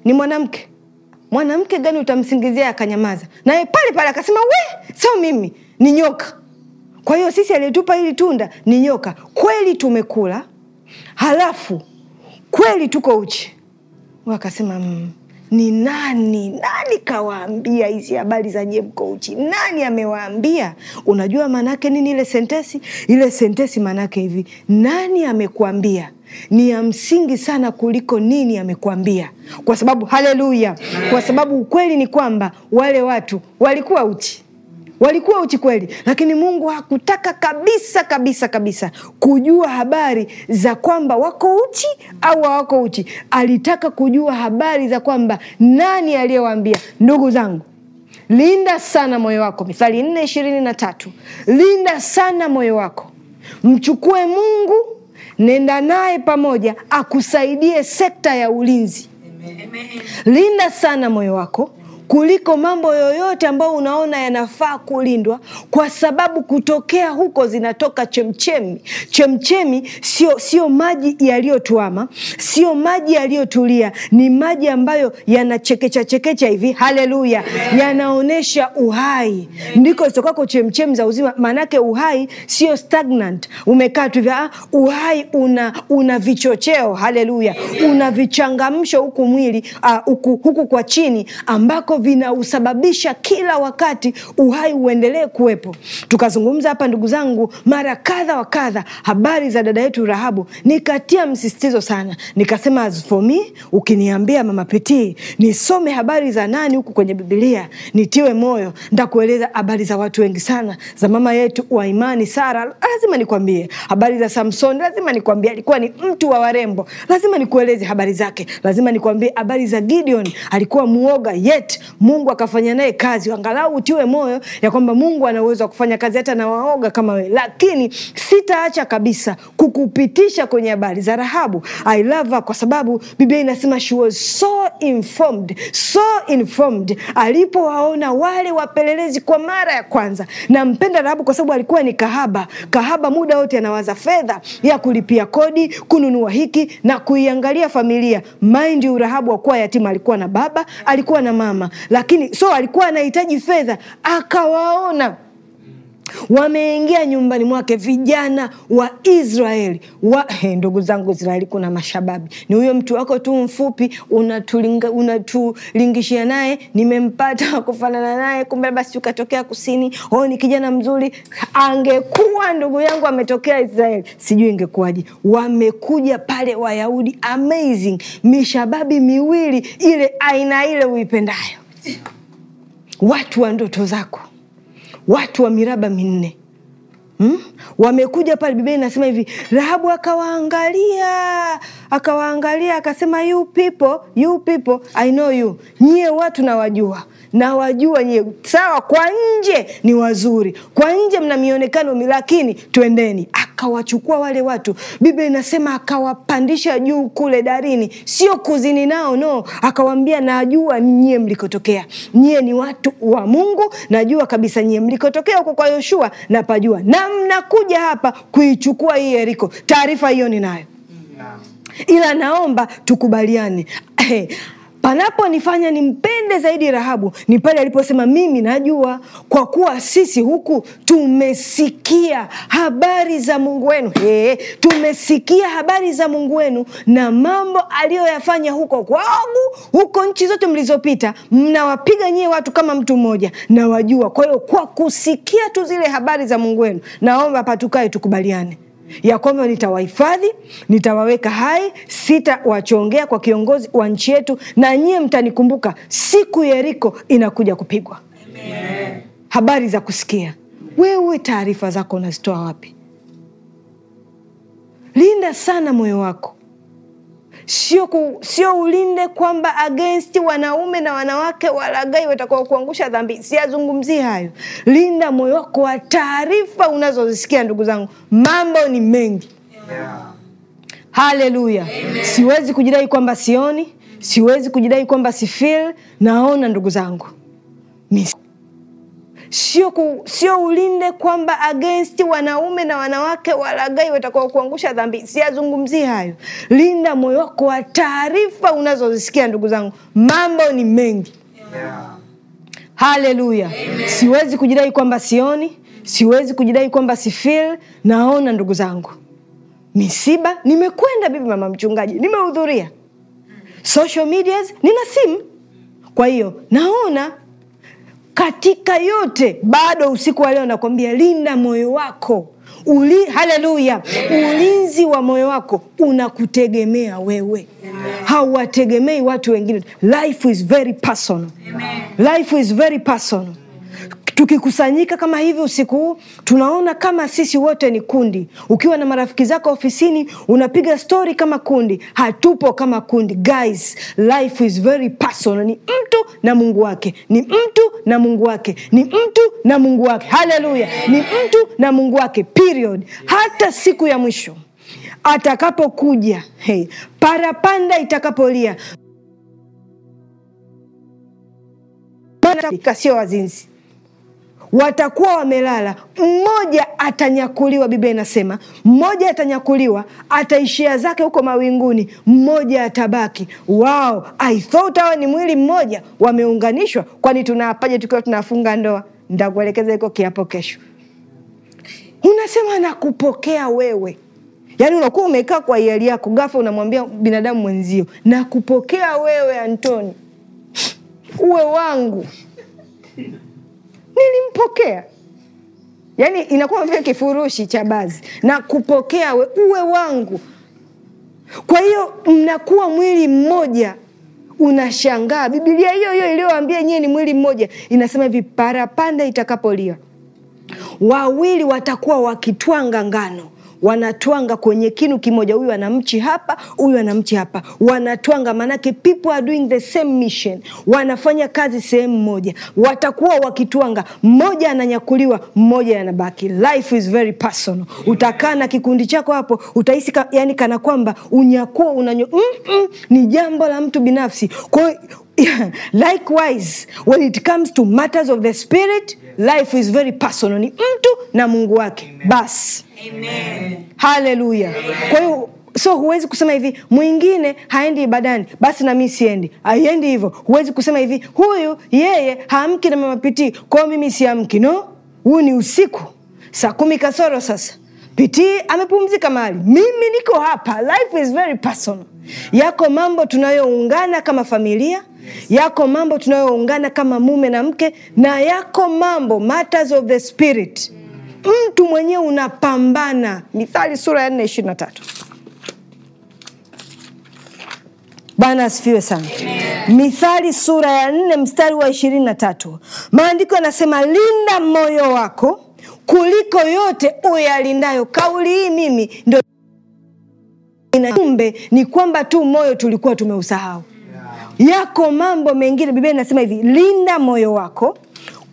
ni mwanamke mwanamke gani utamsingizia akanyamaza? Naye pale pale akasema we, sio mimi, ni nyoka. Kwa hiyo sisi aliyetupa hili tunda ni nyoka. Kweli tumekula, halafu kweli tuko uchi. Wakasema mm, ni nani nani kawaambia hizi habari za nyie mko uchi? Nani amewaambia? Unajua maanaake nini ile sentesi? Ile sentesi maanaake hivi, nani amekuambia ni ya msingi sana kuliko nini amekuambia, kwa sababu haleluya, kwa sababu ukweli ni kwamba wale watu walikuwa uchi walikuwa uchi kweli, lakini Mungu hakutaka kabisa kabisa kabisa kujua habari za kwamba wako uchi au hawako uchi. Alitaka kujua habari za kwamba nani aliyewaambia. Ndugu zangu, linda sana moyo wako. Mithali nne ishirini na tatu linda sana moyo wako, mchukue Mungu nenda naye pamoja akusaidie sekta ya ulinzi. Amen. Linda sana moyo wako kuliko mambo yoyote ambayo unaona yanafaa kulindwa, kwa sababu kutokea huko zinatoka chemchemi. Chemchemi sio sio maji yaliyotuama, sio maji yaliyotulia, ni maji ambayo yanachekecha chekecha hivi, haleluya, yanaonyesha uhai, ndiko zitokako chemchemi za uzima. Maanake uhai sio stagnant, umekaa tu vya ah, uhai, una una vichocheo, haleluya, una vichangamsho huku mwili uh, huku, huku kwa chini ambako vyako vinausababisha kila wakati uhai uendelee kuwepo. Tukazungumza hapa ndugu zangu mara kadha wa kadha habari za dada yetu Rahabu, nikatia msistizo sana, nikasema as ukiniambia mama Piti nisome habari za nani huku kwenye Bibilia nitiwe moyo, ndakueleza habari za watu wengi sana, za mama yetu wa imani Sara, lazima nikwambie habari za samson lazima nikwambie alikuwa ni mtu wa warembo, lazima nikueleze habari zake, lazima nikwambie habari za Gideon, alikuwa muoga yet Mungu akafanya naye kazi, angalau utiwe moyo ya kwamba Mungu ana uwezo wa kufanya kazi hata nawaoga kama wewe. Lakini sitaacha kabisa kukupitisha kwenye habari za Rahabu. I love her kwa sababu Biblia inasema she was so informed, so informed alipowaona wale wapelelezi kwa mara ya kwanza. Nampenda Rahabu kwa sababu alikuwa ni kahaba. Kahaba muda wote anawaza fedha ya kulipia kodi, kununua hiki na kuiangalia familia. Mind you, Rahabu yatima, alikuwa na baba, alikuwa na mama lakini so alikuwa anahitaji fedha, akawaona wameingia nyumbani mwake vijana wa Israeli wa, he, ndugu zangu Israeli, kuna mashababi. Ni huyo mtu wako tu mfupi unatulingishia naye, nimempata (laughs) kufanana naye, kumbe basi ukatokea kusini. o ni kijana mzuri. Angekuwa ndugu yangu ametokea Israeli, sijui ingekuwaje. Wamekuja pale Wayahudi, amazing mishababi miwili ile aina ile uipendayo watu wa ndoto zako, watu wa miraba minne Hmm? Wamekuja pale, Biblia inasema hivi, Rahabu akawaangalia akawaangalia akasema, you people, you people, I know you, nyie watu nawajua, nawajua nyie. Sawa, kwa nje ni wazuri, kwa nje mna mionekano, lakini twendeni akawachukua wale watu, Biblia inasema akawapandisha juu kule darini, sio kuzini nao, no. akawambia najua nyie mlikotokea, nyie ni watu wa Mungu, najua kabisa nyie mlikotokea huko kwa Yoshua napajua, na mnakuja hapa kuichukua hii Yeriko. Taarifa hiyo ninayo, ila naomba tukubaliane Panaponifanya nimpende zaidi Rahabu ni pale aliposema, mimi najua kwa kuwa sisi huku tumesikia habari za Mungu wenu. Hey, tumesikia habari za Mungu wenu na mambo aliyoyafanya huko kwangu, huko nchi zote mlizopita, mnawapiga nyie watu kama mtu mmoja, nawajua kwahiyo Kwa hiyo kwa kusikia tu zile habari za Mungu wenu, naomba patukae tukubaliane ya kwamba nitawahifadhi, nitawaweka hai, sitawachongea kwa kiongozi wa nchi yetu, na nyie mtanikumbuka siku Yeriko inakuja kupigwa. Amen. Habari za kusikia, wewe taarifa zako unazitoa wapi? Linda sana moyo wako sio, ku, sio ulinde kwamba against wanaume na wanawake walagai watakao kuangusha dhambi, siyazungumzii hayo. Linda moyo wako wa taarifa unazozisikia. Ndugu zangu, mambo ni mengi yeah. Haleluya, siwezi kujidai kwamba sioni, siwezi kujidai kwamba sifil, naona ndugu zangu Misi sio, ku, sio ulinde kwamba against wanaume na wanawake walagai watakao kuangusha dhambi, siyazungumzii hayo. Linda moyo wako wa taarifa unazozisikia. Ndugu zangu, mambo ni mengi yeah. Haleluya! siwezi kujidai kwamba sioni, siwezi kujidai kwamba sifil. Naona ndugu zangu, misiba nimekwenda, bibi mama mchungaji, nimehudhuria social medias, nina simu, kwa hiyo naona katika yote bado usiku wa leo nakwambia, linda moyo wako Uli, haleluya! Ulinzi wa moyo wako unakutegemea wewe, hauwategemei watu wengine. Life is very personal. Amen. Life is very personal. Tukikusanyika kama hivi usiku huu, tunaona kama sisi wote ni kundi. Ukiwa na marafiki zako ofisini, unapiga stori kama kundi. Hatupo kama kundi, guys. Life is very personal. Ni mtu na Mungu wake, ni mtu na Mungu wake, ni mtu na Mungu wake. Haleluya, ni mtu na Mungu wake, period. Hata siku ya mwisho atakapokuja, hey, parapanda itakapolia, sio wazinzi watakuwa wamelala, mmoja atanyakuliwa. Biblia inasema mmoja atanyakuliwa, ataishia zake huko mawinguni, mmoja atabaki. Wao I thought hawa ni mwili mmoja, wameunganishwa. Kwani tunaapaje tukiwa tunafunga ndoa? Ntakuelekeza iko kiapo kesho. Unasema nakupokea wewe Yaani unakuwa umekaa kwa hiari yako, ghafla unamwambia binadamu mwenzio, nakupokea wewe Antoni, uwe wangu nilimpokea yaani inakuwa vile kifurushi cha bazi na kupokea we, uwe wangu kwa hiyo mnakuwa mwili mmoja unashangaa bibilia hiyo hiyo iliyoambia nyiwe ni mwili mmoja inasema hivi parapanda itakapolia wawili watakuwa wakitwanga ngano wanatwanga kwenye kinu kimoja, huyu ana mchi hapa, huyu ana mchi hapa, wanatwanga. Maanake people are doing the same mission, wanafanya kazi sehemu moja, watakuwa wakitwanga, mmoja ananyakuliwa, mmoja anabaki. Life is very personal. Utakaa na kikundi chako hapo, utahisi ka, yani kana kwamba unyakuo unanyo, mm -mm, ni jambo la mtu binafsi. Kwa Yeah. (laughs) Likewise, when it comes to matters of the spirit, yes. Life is very personal. Ni mtu na Mungu wake. Basi haleluya kwa hiyo so huwezi kusema hivi mwingine haendi ibadani basi nami siendi haiendi hivyo huwezi kusema hivi huyu yeye haamki na mamapitii kwao mimi siamki no huu ni usiku saa kumi kasoro sasa pitii amepumzika mahali mimi niko hapa life is very personal yako mambo tunayoungana kama familia yako mambo tunayoungana kama mume na mke na yako mambo matters of the spirit mtu mwenyewe unapambana. Mithali sura ya nne ishirini na tatu. Bwana asifiwe sana. Mithali sura ya nne mstari wa ishirini na tatu maandiko yanasema linda moyo wako kuliko yote uyalindayo. Kauli hii mimi ndo kumbe ni kwamba tu moyo tulikuwa tumeusahau. Yako mambo mengine, Biblia inasema hivi, linda moyo wako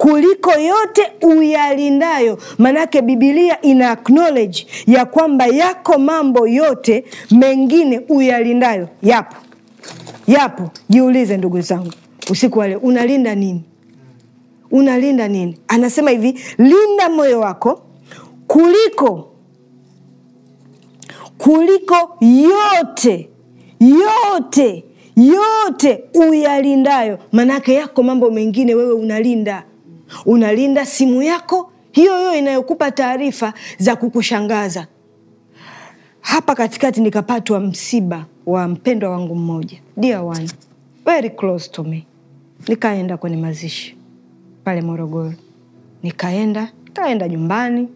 kuliko yote uyalindayo. Manake Bibilia ina acknowledge ya kwamba yako mambo yote mengine uyalindayo. Yapo, yapo. Jiulize ndugu zangu, usiku wa leo unalinda nini? Unalinda nini? Anasema hivi, linda moyo wako kuliko kuliko yote yote yote uyalindayo. Maanake yako mambo mengine wewe unalinda unalinda simu yako hiyo hiyo inayokupa taarifa za kukushangaza. Hapa katikati nikapatwa msiba wa mpendwa wangu mmoja, dear one, very close to me. Nikaenda kwenye mazishi pale Morogoro, nikaenda nikaenda nyumbani.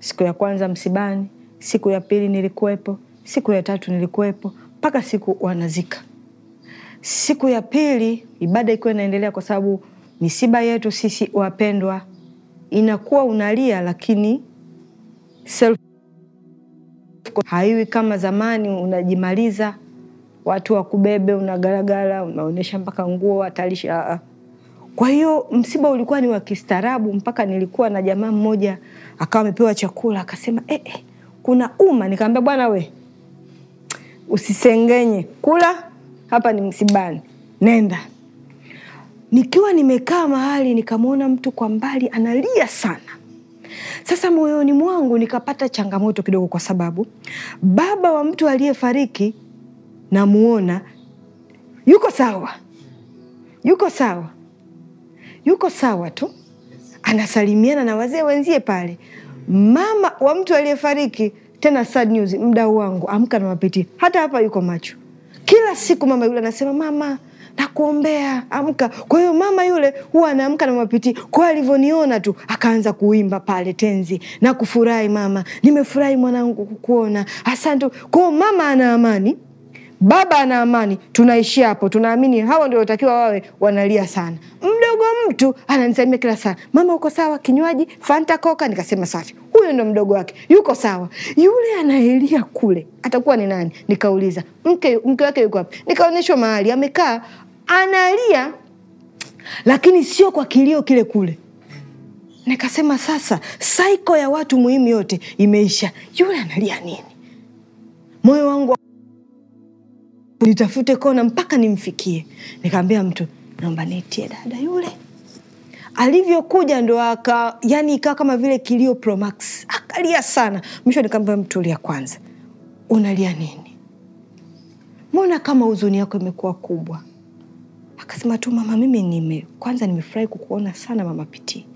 Siku ya kwanza msibani, siku ya pili nilikuwepo, siku ya tatu nilikuwepo, mpaka siku wanazika. Siku ya pili ibada ikiwa inaendelea, kwa sababu misiba yetu sisi wapendwa, inakuwa unalia, lakini self haiwi kama zamani, unajimaliza watu wakubebe, unagaragara, unaonyesha mpaka nguo watalisha. Ah, ah. Kwa hiyo msiba ulikuwa ni wa kistaarabu, mpaka nilikuwa na jamaa mmoja akawa amepewa chakula akasema, eh, eh, kuna uma. Nikaambia bwana we, usisengenye, kula hapa ni msibani, nenda nikiwa nimekaa mahali nikamwona mtu kwa mbali analia sana. Sasa moyoni mwangu nikapata changamoto kidogo, kwa sababu baba wa mtu aliyefariki namuona yuko sawa, yuko sawa, yuko sawa tu, anasalimiana na wazee wenzie pale. Mama wa mtu aliyefariki tena, sad news, mdau wangu, amka na hata hapa yuko macho kila siku. Mama yule anasema mama nakuombea amka. Kwa hiyo mama yule huwa anaamka na mapitii, kwa hiyo alivyoniona tu akaanza kuimba pale tenzi na kufurahi, mama, nimefurahi mwanangu kukuona, asante. Kwa hiyo mama ana amani baba ana amani, tunaishia hapo. Tunaamini hawa ndio watakiwa wawe wanalia sana. Mdogo mtu ananisamia kila saa, mama uko sawa? Kinywaji fanta koka. Nikasema safi, huyo ndo mdogo wake, yuko sawa. Yule anaelia kule atakuwa ni nani? Nikauliza mke, mke wake yuko wapi? Nikaonyeshwa mahali amekaa analia, lakini sio kwa kilio kile kule. Nikasema sasa, saiko ya watu muhimu yote imeisha, yule analia nini? Moyo wangu nitafute kona mpaka nimfikie. Nikaambia mtu, naomba niitie dada yule. Alivyokuja ndo aka, yani ikawa kama vile kilio Pro Max, akalia sana. Mwisho nikaambia mtu, ulia kwanza, unalia nini? Mbona kama huzuni yako imekuwa kubwa? Akasema tu mama, mimi nime, kwanza nimefurahi kukuona sana mama Piti.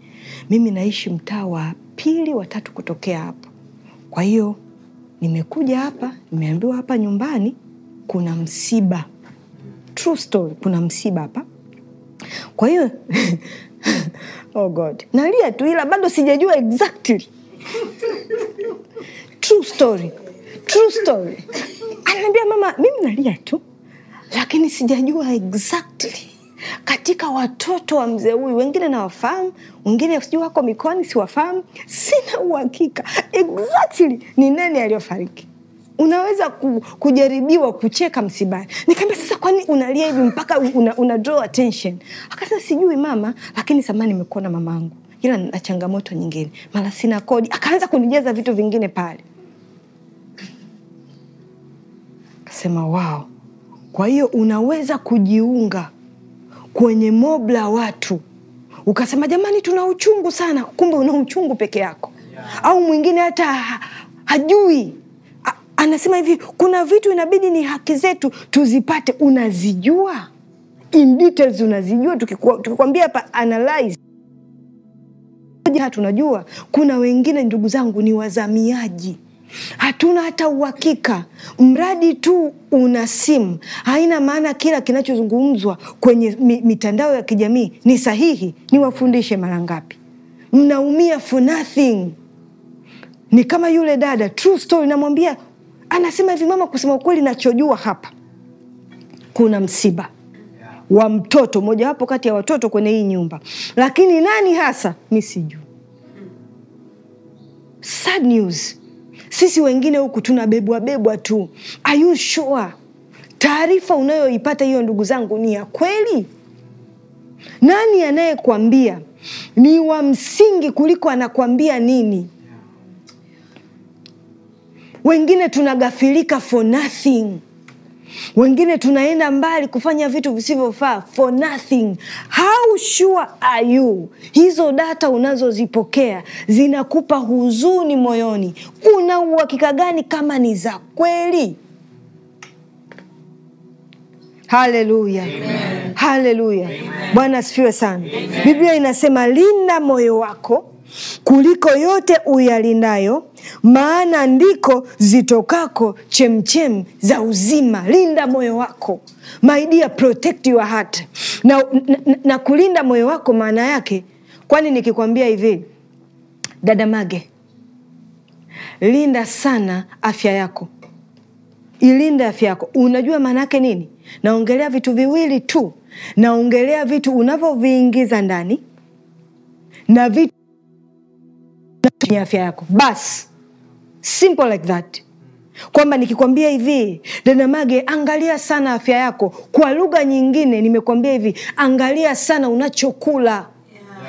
Mimi naishi mtaa wa pili wa tatu kutokea hapo, kwa hiyo nimekuja hapa, nimeambiwa hapa nyumbani kuna msiba. True story, kuna msiba hapa, kwa hiyo (laughs) oh God, nalia tu, ila bado sijajua exactly True story. True story. Anaambia mama, mimi nalia tu lakini sijajua exactly katika watoto wa mzee huyu, wengine nawafahamu, wengine sijui wako mikoani, siwafahamu, sina uhakika exactly ni nani aliyofariki. Unaweza ku, kujaribiwa kucheka msibani. Nikaambia sasa, kwani unalia hivi mpaka una, una draw attention? Akasema sijui mama, lakini samani nimekuona mamangu, ila na changamoto nyingine, mara sina kodi. Akaanza kunijaza vitu vingine pale, akasema wow kwa hiyo unaweza kujiunga kwenye mobla watu ukasema, jamani, tuna uchungu sana, kumbe una uchungu peke yako yeah. Au mwingine hata hajui ha, anasema hivi, kuna vitu inabidi ni haki zetu tuzipate. Unazijua in details, unazijua tukikwambia hapa analyze tunajua. Kuna wengine ndugu zangu ni wazamiaji hatuna hata uhakika. Mradi tu una simu, haina maana kila kinachozungumzwa kwenye mitandao ya kijamii ni sahihi. Niwafundishe mara ngapi? Mnaumia for nothing. Ni kama yule dada, true story, namwambia anasema hivi, mama, kusema ukweli, nachojua hapa kuna msiba wa mtoto mojawapo kati ya watoto kwenye hii nyumba, lakini nani hasa mi sijui. Sad news sisi wengine huku tunabebwa bebwa tu. Are you sure taarifa unayoipata hiyo, ndugu zangu, ni ya kweli? Nani anayekwambia ni wa msingi kuliko anakwambia nini? Wengine tunagafilika for nothing. Wengine tunaenda mbali kufanya vitu visivyofaa for nothing. How sure are you? Hizo data unazozipokea zinakupa huzuni moyoni. Una uhakika gani kama ni za kweli? Haleluya, haleluya! Bwana asifiwe sana. Amen. Biblia inasema linda moyo wako kuliko yote uyalindayo, maana ndiko zitokako chemchem za uzima. Linda moyo wako, my dear, protect your heart. Na, na, na kulinda moyo wako maana yake, kwani nikikwambia hivi dada Mage, linda sana afya yako, ilinde afya yako. Unajua maana yake nini? Naongelea vitu viwili tu, naongelea vitu unavyoviingiza ndani na vitu kwenye afya yako bas simple like that kwamba nikikwambia hivi denamage angalia sana afya yako kwa lugha nyingine nimekwambia hivi angalia sana unachokula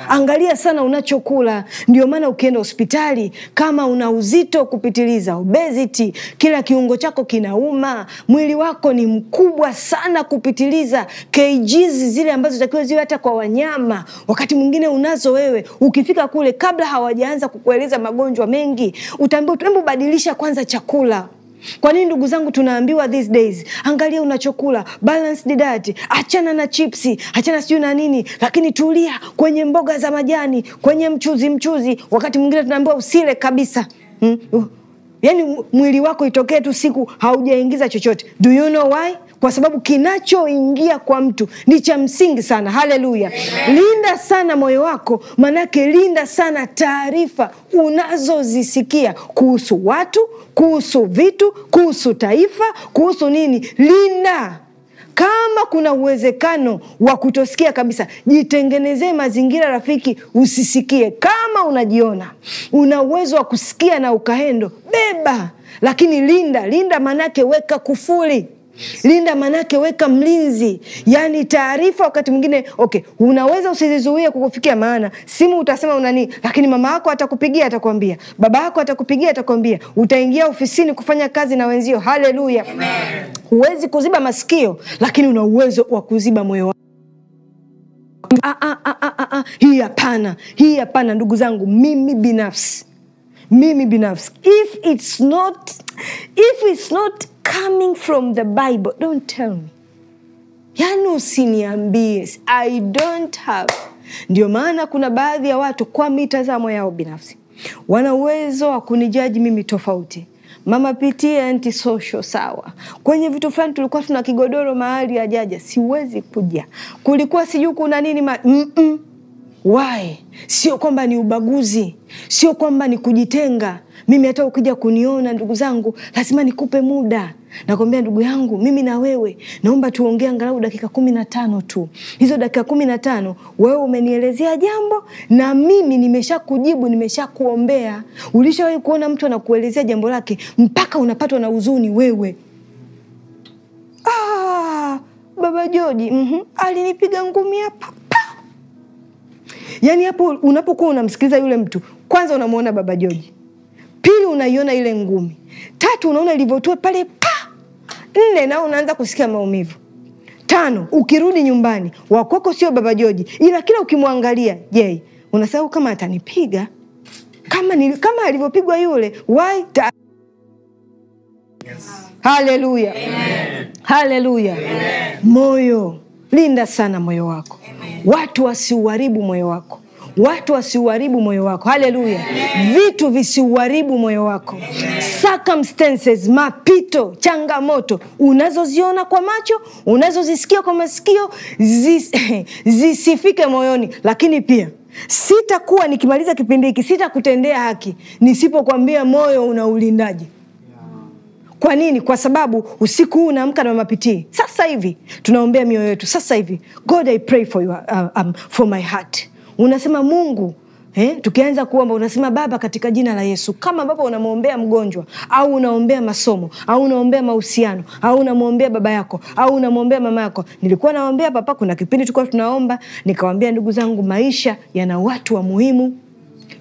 Angalia sana unachokula. Ndio maana ukienda hospitali, kama una uzito kupitiliza, obesity, kila kiungo chako kinauma, mwili wako ni mkubwa sana kupitiliza, kgs zile ambazo takiwa ziwe hata kwa wanyama, wakati mwingine unazo wewe. Ukifika kule, kabla hawajaanza kukueleza magonjwa mengi, utaambiwa hebu badilisha kwanza chakula. Kwa nini ndugu zangu tunaambiwa these days, angalia unachokula, balanced diet, achana na chipsi, achana sijui na nini, lakini tulia kwenye mboga za majani, kwenye mchuzi mchuzi. Wakati mwingine tunaambiwa usile kabisa hmm? Yaani mwili wako itokee tu siku haujaingiza chochote. Do you know why? kwa sababu kinachoingia kwa mtu ni cha msingi sana. Haleluya! Linda sana moyo wako, manake linda sana taarifa unazozisikia kuhusu watu, kuhusu vitu, kuhusu taifa, kuhusu nini. Linda kama kuna uwezekano wa kutosikia kabisa, jitengenezee mazingira rafiki usisikie. Kama unajiona una uwezo wa kusikia na ukahendo, beba, lakini linda linda, maanake weka kufuli Linda maanake weka mlinzi, yaani taarifa wakati mwingine okay, unaweza usizizuie kukufikia, maana simu utasema unani, lakini mama yako atakupigia atakuambia, baba yako atakupigia atakuambia, utaingia ofisini kufanya kazi na wenzio. Haleluya, huwezi kuziba masikio, lakini una uwezo wa kuziba moyo wako. Ah, ah, ah, hii hapana, hii hapana, ndugu zangu, mimi binafsi mimi binafsi if it's not, if it's not coming from the Bible. Don't tell me, yaani usiniambie I don't have. Ndio maana kuna baadhi ya watu kwa mitazamo yao binafsi wana uwezo wa kunijaji mimi tofauti Mama pitie antisocial sawa. Kwenye vitu fulani tulikuwa tuna kigodoro mahali ya jaja, siwezi kuja. Kulikuwa sijui kuna nini ma... mm -mm. Why? Sio kwamba ni ubaguzi, sio kwamba ni kujitenga. Mimi hata ukija kuniona, ndugu zangu, lazima nikupe muda nakwambia ndugu yangu, mimi na wewe naomba tuongee angalau dakika kumi na tano tu. Hizo dakika kumi na tano wewe umenielezea jambo na mimi nimesha kujibu, nimesha kuombea. Ulishawahi kuona mtu anakuelezea jambo lake mpaka unapatwa na huzuni wewe? Ah, baba Joji mm -hmm, alinipiga ngumi hapa Yaani hapo unapokuwa unamsikiliza yule mtu, kwanza unamwona baba Joji, pili unaiona ile ngumi, tatu unaona ilivyotua pale nne nao unaanza kusikia maumivu tano ukirudi nyumbani wakwako sio baba Joji, ila kila ukimwangalia je, unasahau kama atanipiga kama, ni, kama alivyopigwa yule ta... yes. Haleluya, haleluya! Moyo linda sana moyo wako Amen. Watu wasiuharibu moyo wako watu wasiuharibu moyo wako. Haleluya! vitu visiuharibu moyo wako. Circumstances, mapito, changamoto unazoziona kwa macho, unazozisikia kwa masikio, zis, (laughs) zisifike moyoni. Lakini pia sitakuwa nikimaliza kipindi hiki sitakutendea haki nisipokwambia moyo una ulindaji. Kwa nini? Kwa sababu usiku huu unaamka na mapitii. Sasa hivi tunaombea mioyo yetu. Sasa hivi, God I pray for you, uh, um, for my heart unasema Mungu Eh, tukianza kuomba unasema Baba, katika jina la Yesu, kama ambapo unamwombea mgonjwa au unaombea masomo au unaombea mahusiano au unamwombea baba yako au unamwombea mama yako. Nilikuwa naombea papa, kuna kipindi tulikuwa tunaomba, nikawambia ndugu zangu, maisha yana watu wa muhimu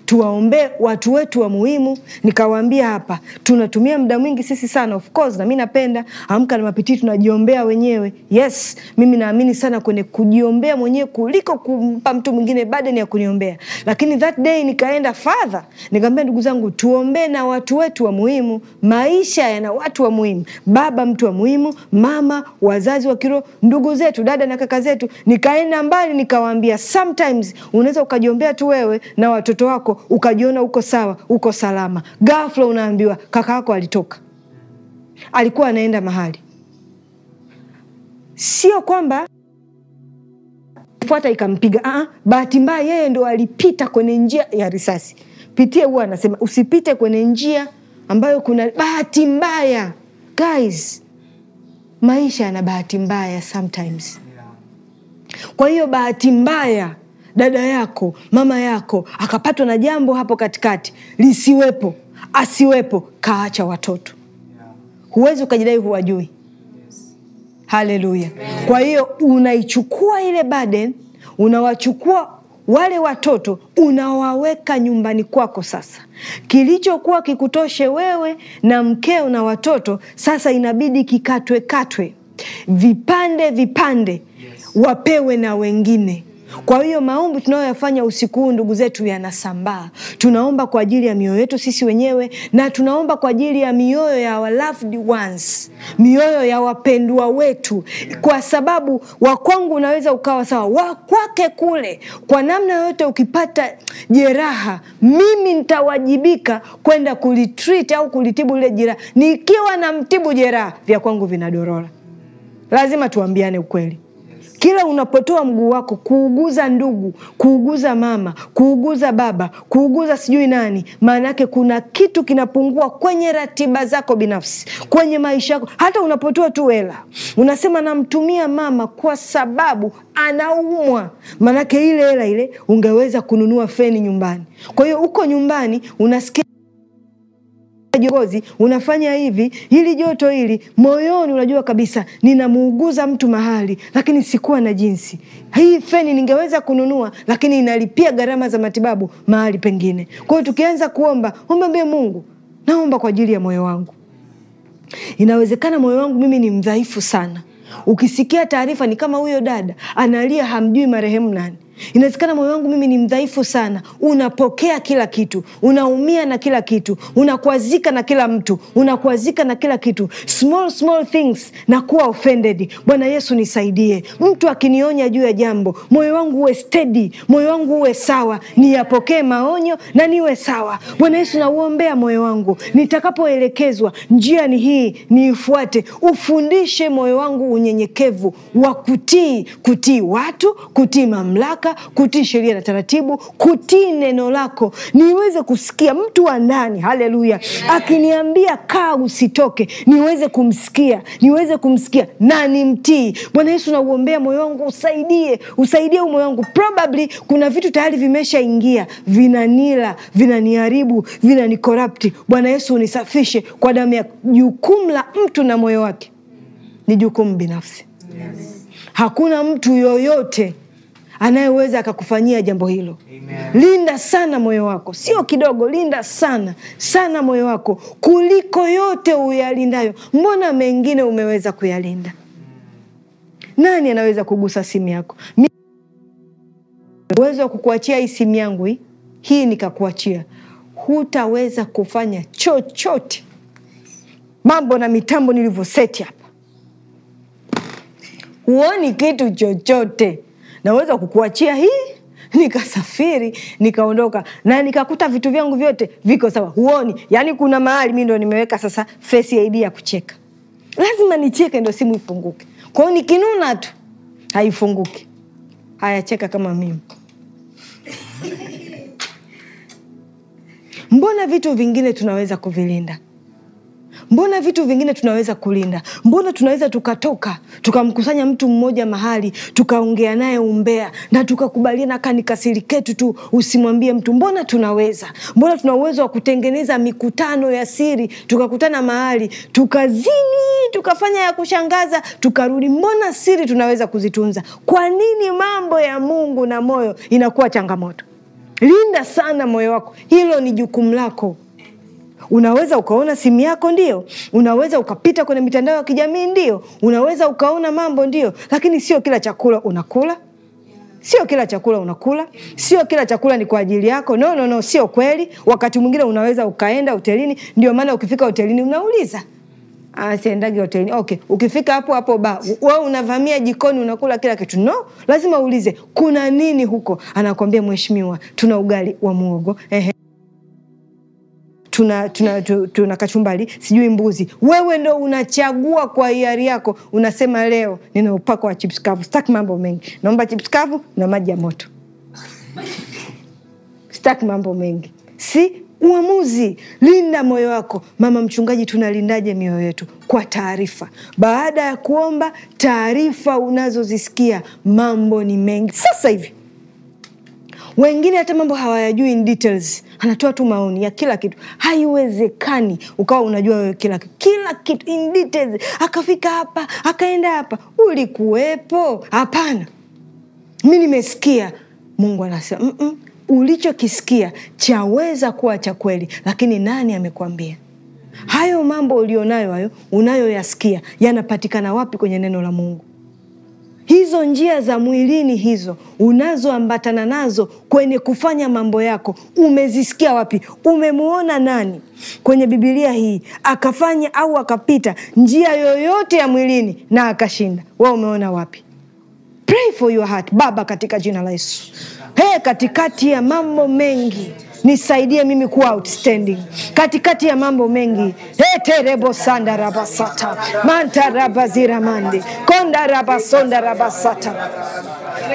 tuwaombee watu wetu wa muhimu. Nikawaambia hapa tunatumia muda mwingi sisi sana, of course na mimi napenda amka na mapitio, tunajiombea wenyewe. Yes, mimi naamini sana kwenye kujiombea mwenyewe kuliko kumpa mtu mwingine burden ya kuniombea. Lakini that day nikaenda further, nikamwambia ndugu zangu, tuombee na watu wetu wa muhimu. Maisha yana watu wa muhimu, baba mtu wa muhimu, mama, wazazi wa kiroho, ndugu zetu, dada na kaka zetu. Nikaenda mbali, nikawaambia sometimes unaweza ukajiombea tu wewe na watoto wako ukajiona uko sawa, uko salama, ghafla unaambiwa kaka yako alitoka, alikuwa anaenda mahali. Sio kwamba fuata ikampiga, ah, ah, bahati mbaya yeye ndo alipita kwenye njia ya risasi. Pitie huwa anasema usipite kwenye njia ambayo kuna bahati mbaya. Guys, maisha yana bahati mbaya sometimes. Kwa hiyo bahati mbaya dada yako, mama yako akapatwa na jambo hapo katikati lisiwepo, asiwepo, kaacha watoto. Huwezi ukajidai huwajui. Haleluya! Kwa hiyo unaichukua ile baden unawachukua wale watoto unawaweka nyumbani kwako. Sasa kilichokuwa kikutoshe wewe na mkeo na watoto, sasa inabidi kikatwekatwe vipande vipande, yes. Wapewe na wengine kwa hiyo maombi tunayoyafanya usiku huu ndugu zetu yanasambaa. Tunaomba kwa ajili ya mioyo yetu sisi wenyewe na tunaomba kwa ajili ya mioyo ya loved ones, mioyo ya wapendwa wetu, kwa sababu wakwangu unaweza ukawa sawa wakwake kule. Kwa namna yoyote, ukipata jeraha, mimi nitawajibika kwenda kulitrit au kulitibu lile jeraha. Nikiwa na mtibu jeraha, vya kwangu vinadorola. Lazima tuambiane ukweli. Kila unapotoa mguu wako kuuguza ndugu, kuuguza mama, kuuguza baba, kuuguza sijui nani, maana yake kuna kitu kinapungua kwenye ratiba zako binafsi, kwenye maisha yako. Hata unapotoa tu hela, unasema namtumia mama kwa sababu anaumwa, maanake ile hela ile ungeweza kununua feni nyumbani. Kwa hiyo uko nyumbani unasikia jokozi, unafanya hivi, hili joto hili, moyoni unajua kabisa ninamuuguza mtu mahali, lakini sikuwa na jinsi. Hii feni ningeweza kununua, lakini inalipia gharama za matibabu mahali pengine. Kwa hiyo tukianza kuomba, umwambie Mungu, naomba kwa ajili ya moyo wangu. Inawezekana moyo wangu mimi ni mdhaifu sana. Ukisikia taarifa ni kama huyo dada analia, hamjui marehemu nani Inawezekana moyo wangu mimi ni mdhaifu sana. Unapokea kila kitu, unaumia na kila kitu, unakuazika na kila mtu, unakwazika na kila kitu, small small things, na kuwa offended. Bwana Yesu nisaidie. Mtu akinionya juu ya jambo, moyo wangu uwe stedi moyo wangu uwe sawa, niyapokee maonyo na niwe sawa. Bwana Yesu nauombea moyo wangu, nitakapoelekezwa njia ni hii, niifuate. Ufundishe moyo wangu unyenyekevu wa kutii, kutii watu, kutii mamlaka kuepuka kutii sheria na taratibu, kutii neno lako, niweze kusikia mtu wa ndani, haleluya, akiniambia kaa, usitoke, niweze kumsikia, niweze kumsikia na nimtii. Bwana Yesu, nauombea moyo wangu, usaidie, usaidie moyo wangu. Probably kuna vitu tayari vimeshaingia, vinanila, vinaniharibu, vinanikorapti. Bwana Yesu, unisafishe kwa damu ya jukumu la mtu na moyo wake ni jukumu binafsi. Yes. Hakuna mtu yoyote anayeweza akakufanyia jambo hilo. Amen. Linda sana moyo wako, sio kidogo, linda sana sana moyo wako kuliko yote uyalindayo. Mbona mengine umeweza kuyalinda? Nani anaweza kugusa simu yako? Uwezo wa kukuachia hii simu yangu hii hii, nikakuachia, hutaweza kufanya chochote. Mambo na mitambo nilivyoseti hapa, huoni kitu chochote naweza kukuachia hii (laughs) nikasafiri nikaondoka na nikakuta vitu vyangu vyote viko sawa. Huoni? Yani kuna mahali mi ndo nimeweka sasa ya idi ya kucheka, lazima nicheke ndo simu ifunguke. kwao nikinuna tu haifunguki. hayacheka kama mimi. (laughs) Mbona vitu vingine tunaweza kuvilinda? mbona vitu vingine tunaweza kulinda? Mbona tunaweza tukatoka tukamkusanya mtu mmoja mahali tukaongea naye umbea na tukakubaliana kanikasiriketu ketu tu, usimwambie mtu. Mbona tunaweza, mbona tuna uwezo wa kutengeneza mikutano ya siri, tukakutana mahali tukazini, tukafanya ya kushangaza, tukarudi. Mbona siri tunaweza kuzitunza? Kwa nini mambo ya Mungu na moyo inakuwa changamoto? Linda sana moyo wako, hilo ni jukumu lako. Unaweza ukaona simu yako ndio, unaweza ukapita kwenye mitandao ya kijamii ndio, unaweza ukaona mambo ndio, lakini sio kila chakula unakula sio kila chakula unakula, sio kila chakula ni kwa ajili yako. No, no, no, sio kweli. Wakati mwingine unaweza ukaenda hotelini. Ndio maana ukifika hotelini unauliza ah, siendagi hotelini. Okay, ukifika hapo hapo ba we unavamia jikoni unakula kila kitu? No, lazima uulize kuna nini huko. Anakwambia mheshimiwa, tuna ugali wa muogo. Ehe tuna, tuna, tuna, tuna kachumbali sijui mbuzi. Wewe ndo unachagua kwa hiari yako, unasema leo nina upako wa chipskavu kavu, mambo mengi, naomba chipskavu na maji ya moto sitaki mambo mengi. Si uamuzi. Linda moyo wako. Mama mchungaji, tunalindaje mioyo yetu? Kwa taarifa. Baada ya kuomba, taarifa unazozisikia, mambo ni mengi sasa hivi wengine hata mambo hawayajui in details, anatoa tu maoni ya kila kitu. Haiwezekani ukawa unajua wewe kila kitu, kila kitu in details, akafika hapa akaenda hapa, ulikuwepo? Hapana, mi nimesikia. Mungu anasema mm -mm, ulichokisikia chaweza kuwa cha kweli, lakini nani amekwambia? Hayo mambo ulionayo hayo unayoyasikia yanapatikana wapi kwenye neno la Mungu? hizo njia za mwilini hizo unazoambatana nazo kwenye kufanya mambo yako, umezisikia wapi? umemwona nani kwenye Bibilia hii akafanya au akapita njia yoyote ya mwilini na akashinda? We umeona wapi? Pray for your heart. Baba, katika jina la Yesu, hey, katikati ya mambo mengi nisaidie mimi kuwa outstanding katikati ya mambo mengi. heterebo sanda rabasata manta mande konda rabasonda rabasata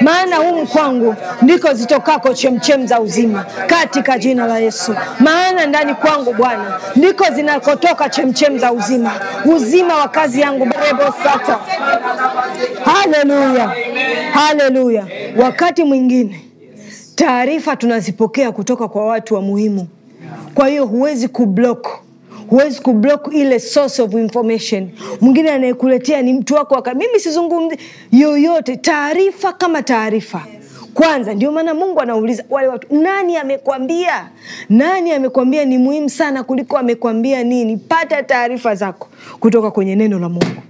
maana humu kwangu ndiko zitokako chemchem za uzima katika jina la Yesu. Maana ndani kwangu Bwana ndiko zinakotoka chemchem za uzima, uzima wa kazi yangu rebo sata. Haleluya, haleluya. Wakati mwingine taarifa tunazipokea kutoka kwa watu wa muhimu. Kwa hiyo huwezi kublock huwezi kublock ile source of information. Mwingine anayekuletea ni mtu wako waka. Mimi sizungumzi yoyote, taarifa kama taarifa kwanza. Ndio maana Mungu anauliza wale watu, nani amekwambia? Nani amekwambia ni muhimu sana kuliko amekwambia nini. Pata taarifa zako kutoka kwenye neno la Mungu.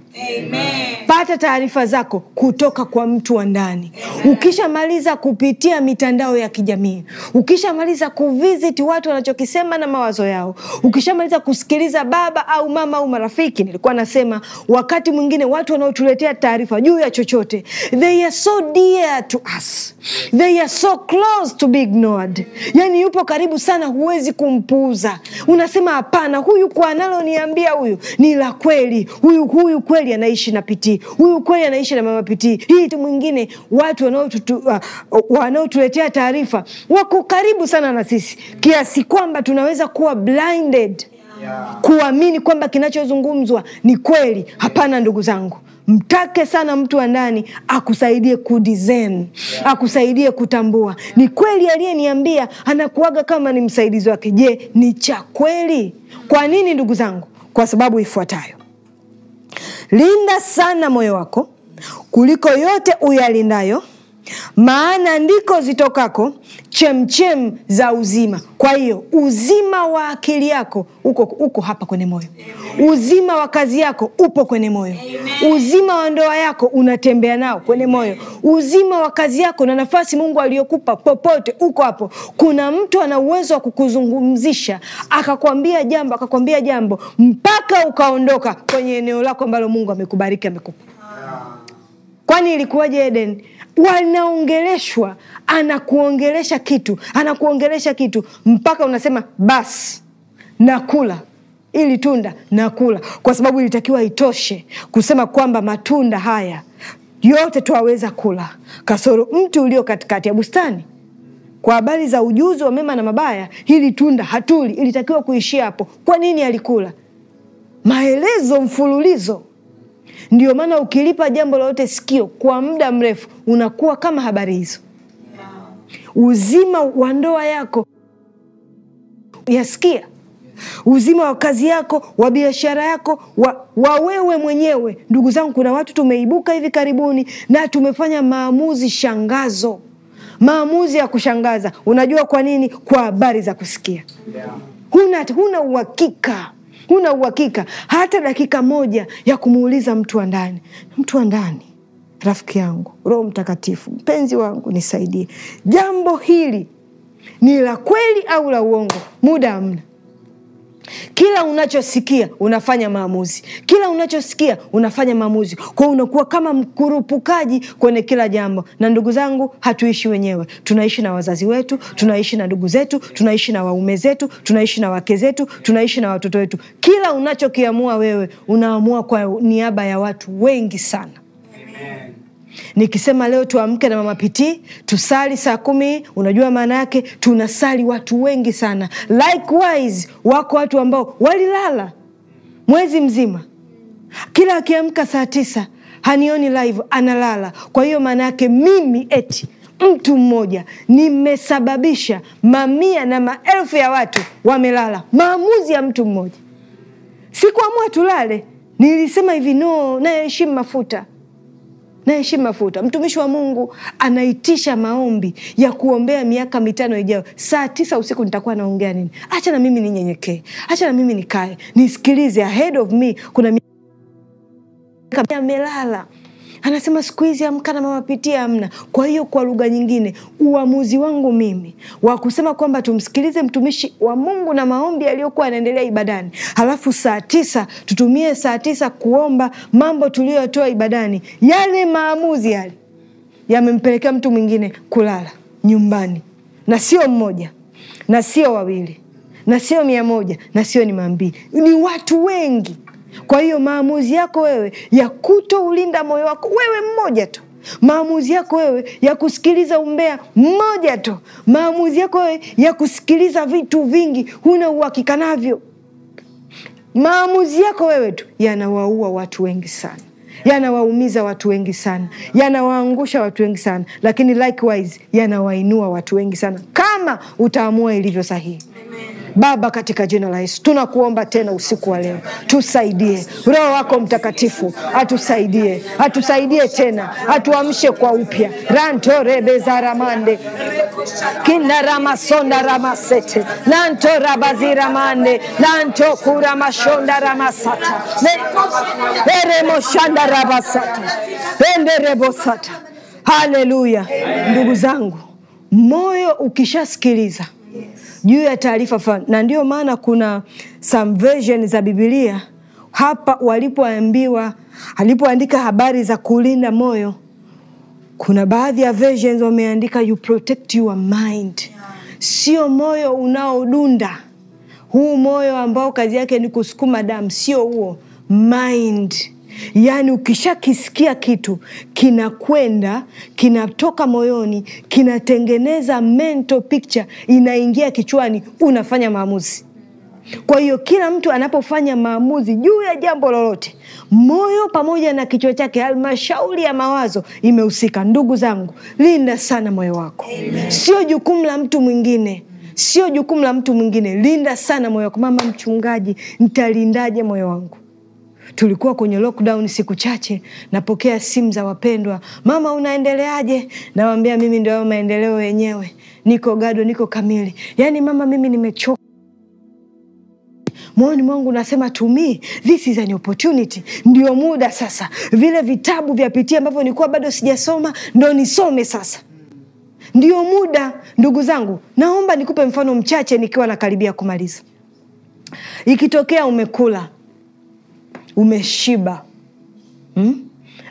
Pata taarifa zako kutoka kwa mtu wa ndani. Ukishamaliza kupitia mitandao ya kijamii, ukishamaliza kuvisit watu wanachokisema na mawazo yao, ukishamaliza kusikiliza baba au mama au marafiki. Nilikuwa nasema wakati mwingine watu wanaotuletea taarifa juu ya chochote, they are so dear to us, they are so close to be ignored. Yani yupo karibu sana, huwezi kumpuuza. Unasema hapana, huyu kwa analoniambia huyu ni la kweli, huyu huyu kweli kweli anaishi na Pitii, huyu kweli anaishi na mama Pitii. Hii tu mwingine, watu uh, wanaotuletea taarifa wako karibu sana na sisi kiasi kwamba tunaweza kuwa blinded kuamini kwamba kinachozungumzwa ni kweli. Hapana, ndugu zangu, Mtake sana mtu wa ndani akusaidie kudizen, akusaidie kutambua ni kweli aliyeniambia, anakuaga kama ni msaidizi wake. Je, ni cha kweli? Kwa nini ndugu zangu? Kwa sababu ifuatayo linda sana moyo wako kuliko yote uyalindayo, maana ndiko zitokako chemchem za uzima. Kwa hiyo uzima wa akili yako uko, uko hapa kwenye moyo. Uzima wa kazi yako upo kwenye moyo. Uzima wa ndoa yako unatembea nao kwenye moyo. Uzima wa kazi yako na nafasi Mungu aliyokupa popote, uko hapo. Kuna mtu ana uwezo wa kukuzungumzisha akakwambia jambo akakwambia jambo mpaka ukaondoka kwenye eneo lako ambalo Mungu amekubariki amekupa. Kwani ilikuwaje Eden? wanaongeleshwa, anakuongelesha kitu, anakuongelesha kitu mpaka unasema basi nakula ili tunda nakula, kwa sababu ilitakiwa itoshe kusema kwamba matunda haya yote twaweza kula kasoro mti ulio katikati ya bustani. Kwa habari za ujuzi wa mema na mabaya, hili tunda hatuli, ilitakiwa kuishia hapo. Kwa nini alikula? Maelezo mfululizo ndio maana ukilipa jambo lolote sikio kwa muda mrefu, unakuwa kama habari hizo. Uzima wa ndoa yako yasikia, uzima wa kazi yako, wa biashara yako, wa, wa wewe mwenyewe. Ndugu zangu, kuna watu tumeibuka hivi karibuni na tumefanya maamuzi shangazo, maamuzi ya kushangaza. Unajua kwa nini? Kwa habari za kusikia. Huna huna uhakika huna uhakika hata dakika moja ya kumuuliza mtu wa ndani, mtu wa ndani, rafiki yangu, Roho Mtakatifu, mpenzi wangu, nisaidie, jambo hili ni la kweli au la uongo? Muda hamna kila unachosikia unafanya maamuzi, kila unachosikia unafanya maamuzi. Kwa unakuwa kama mkurupukaji kwenye kila jambo. Na ndugu zangu, hatuishi wenyewe, tunaishi na wazazi wetu, tunaishi na ndugu zetu, tunaishi na waume zetu, tunaishi na wake zetu, tunaishi na watoto wetu. Kila unachokiamua wewe unaamua kwa niaba ya watu wengi sana. Nikisema leo tuamke na mama Pitii tusali saa kumi, unajua maana yake tunasali watu wengi sana. Likewise, wako watu ambao walilala mwezi mzima, kila akiamka saa tisa hanioni live, analala. Kwa hiyo maana yake mimi eti mtu mmoja nimesababisha mamia na maelfu ya watu wamelala. Maamuzi ya mtu mmoja. Sikuamua tulale, nilisema hivi no, nayeheshimu mafuta naheshimu mafuta. Mtumishi wa Mungu anaitisha maombi ya kuombea miaka mitano ijayo. Saa tisa usiku nitakuwa naongea nini? Hacha na mimi ninyenyekee, hacha na mimi nikae nisikilize. Ahead of me kuna amelala anasema siku hizi amka na mama pitia amna. Kwa hiyo kwa lugha nyingine, uamuzi wangu mimi wa kusema kwamba tumsikilize mtumishi wa Mungu na maombi aliyokuwa anaendelea ibadani, halafu saa tisa tutumie saa tisa kuomba mambo tuliyotoa ibadani, yale maamuzi yale yamempelekea mtu mwingine kulala nyumbani, na sio mmoja na sio wawili na sio mia moja na sio ni mambili, ni watu wengi kwa hiyo maamuzi yako wewe ya kutoulinda moyo wako wewe mmoja tu maamuzi yako wewe ya kusikiliza umbea mmoja tu, maamuzi yako wewe ya kusikiliza vitu vingi huna uhakika navyo, maamuzi yako wewe tu yanawaua watu wengi sana, yanawaumiza watu wengi sana, yanawaangusha watu wengi sana, lakini likewise yanawainua watu wengi sana, kama utaamua ilivyo sahihi. Baba, katika jina la Yesu tunakuomba tena usiku wa leo, tusaidie. Roho wako Mtakatifu atusaidie, atusaidie tena, atuamshe kwa upya rantorebezaramande kinaramasonda ramasete nanto rabaziramande nanto kuramashonda ramasata eremoshanda rabasata enderebosata. Haleluya, ndugu zangu, moyo ukishasikiliza juu ya taarifa fulani, na ndio maana kuna some version za Biblia hapa walipoambiwa, alipoandika habari za kulinda moyo, kuna baadhi ya versions wameandika you protect your mind, sio moyo unaodunda huu moyo ambao kazi yake ni kusukuma damu, sio huo mind Yaani ukishakisikia kitu kinakwenda, kinatoka moyoni, kinatengeneza mental picture, inaingia kichwani, unafanya maamuzi. Kwa hiyo kila mtu anapofanya maamuzi juu ya jambo lolote, moyo pamoja na kichwa chake, halmashauri ya mawazo imehusika. Ndugu zangu, linda sana moyo wako, sio jukumu la mtu mwingine sio jukumu la mtu mwingine. Linda sana moyo wako. Mama mchungaji, ntalindaje moyo wangu? tulikuwa kwenye lockdown siku chache, napokea simu za wapendwa, mama unaendeleaje? Nawambia mimi ndio maendeleo yenyewe, niko gado, niko kamili. Yaani mama, mimi nimechoka moyoni mwangu nasema to me this is an opportunity. Ndio muda sasa, vile vitabu vya pitia ambavyo nilikuwa bado sijasoma ndo nisome sasa, ndio muda. Ndugu zangu, naomba nikupe mfano mchache, nikiwa nakaribia kumaliza. Ikitokea umekula umeshiba hmm?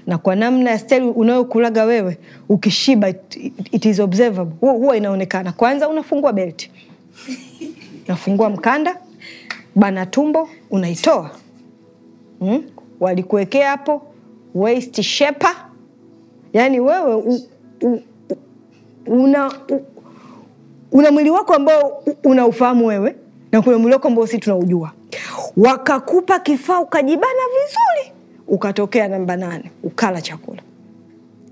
na kwa namna ya steli unayokulaga wewe ukishiba, it, it, it is observable, huwa inaonekana. Kwanza unafungua belti, unafungua (laughs) mkanda, bana tumbo unaitoa hmm? walikuwekea hapo waist shepa yani wewe u, u, una u, una mwili wako ambao unaufahamu wewe na kuna mwili wako ambao si tunaujua wakakupa kifaa ukajibana vizuri, ukatokea namba nane, ukala chakula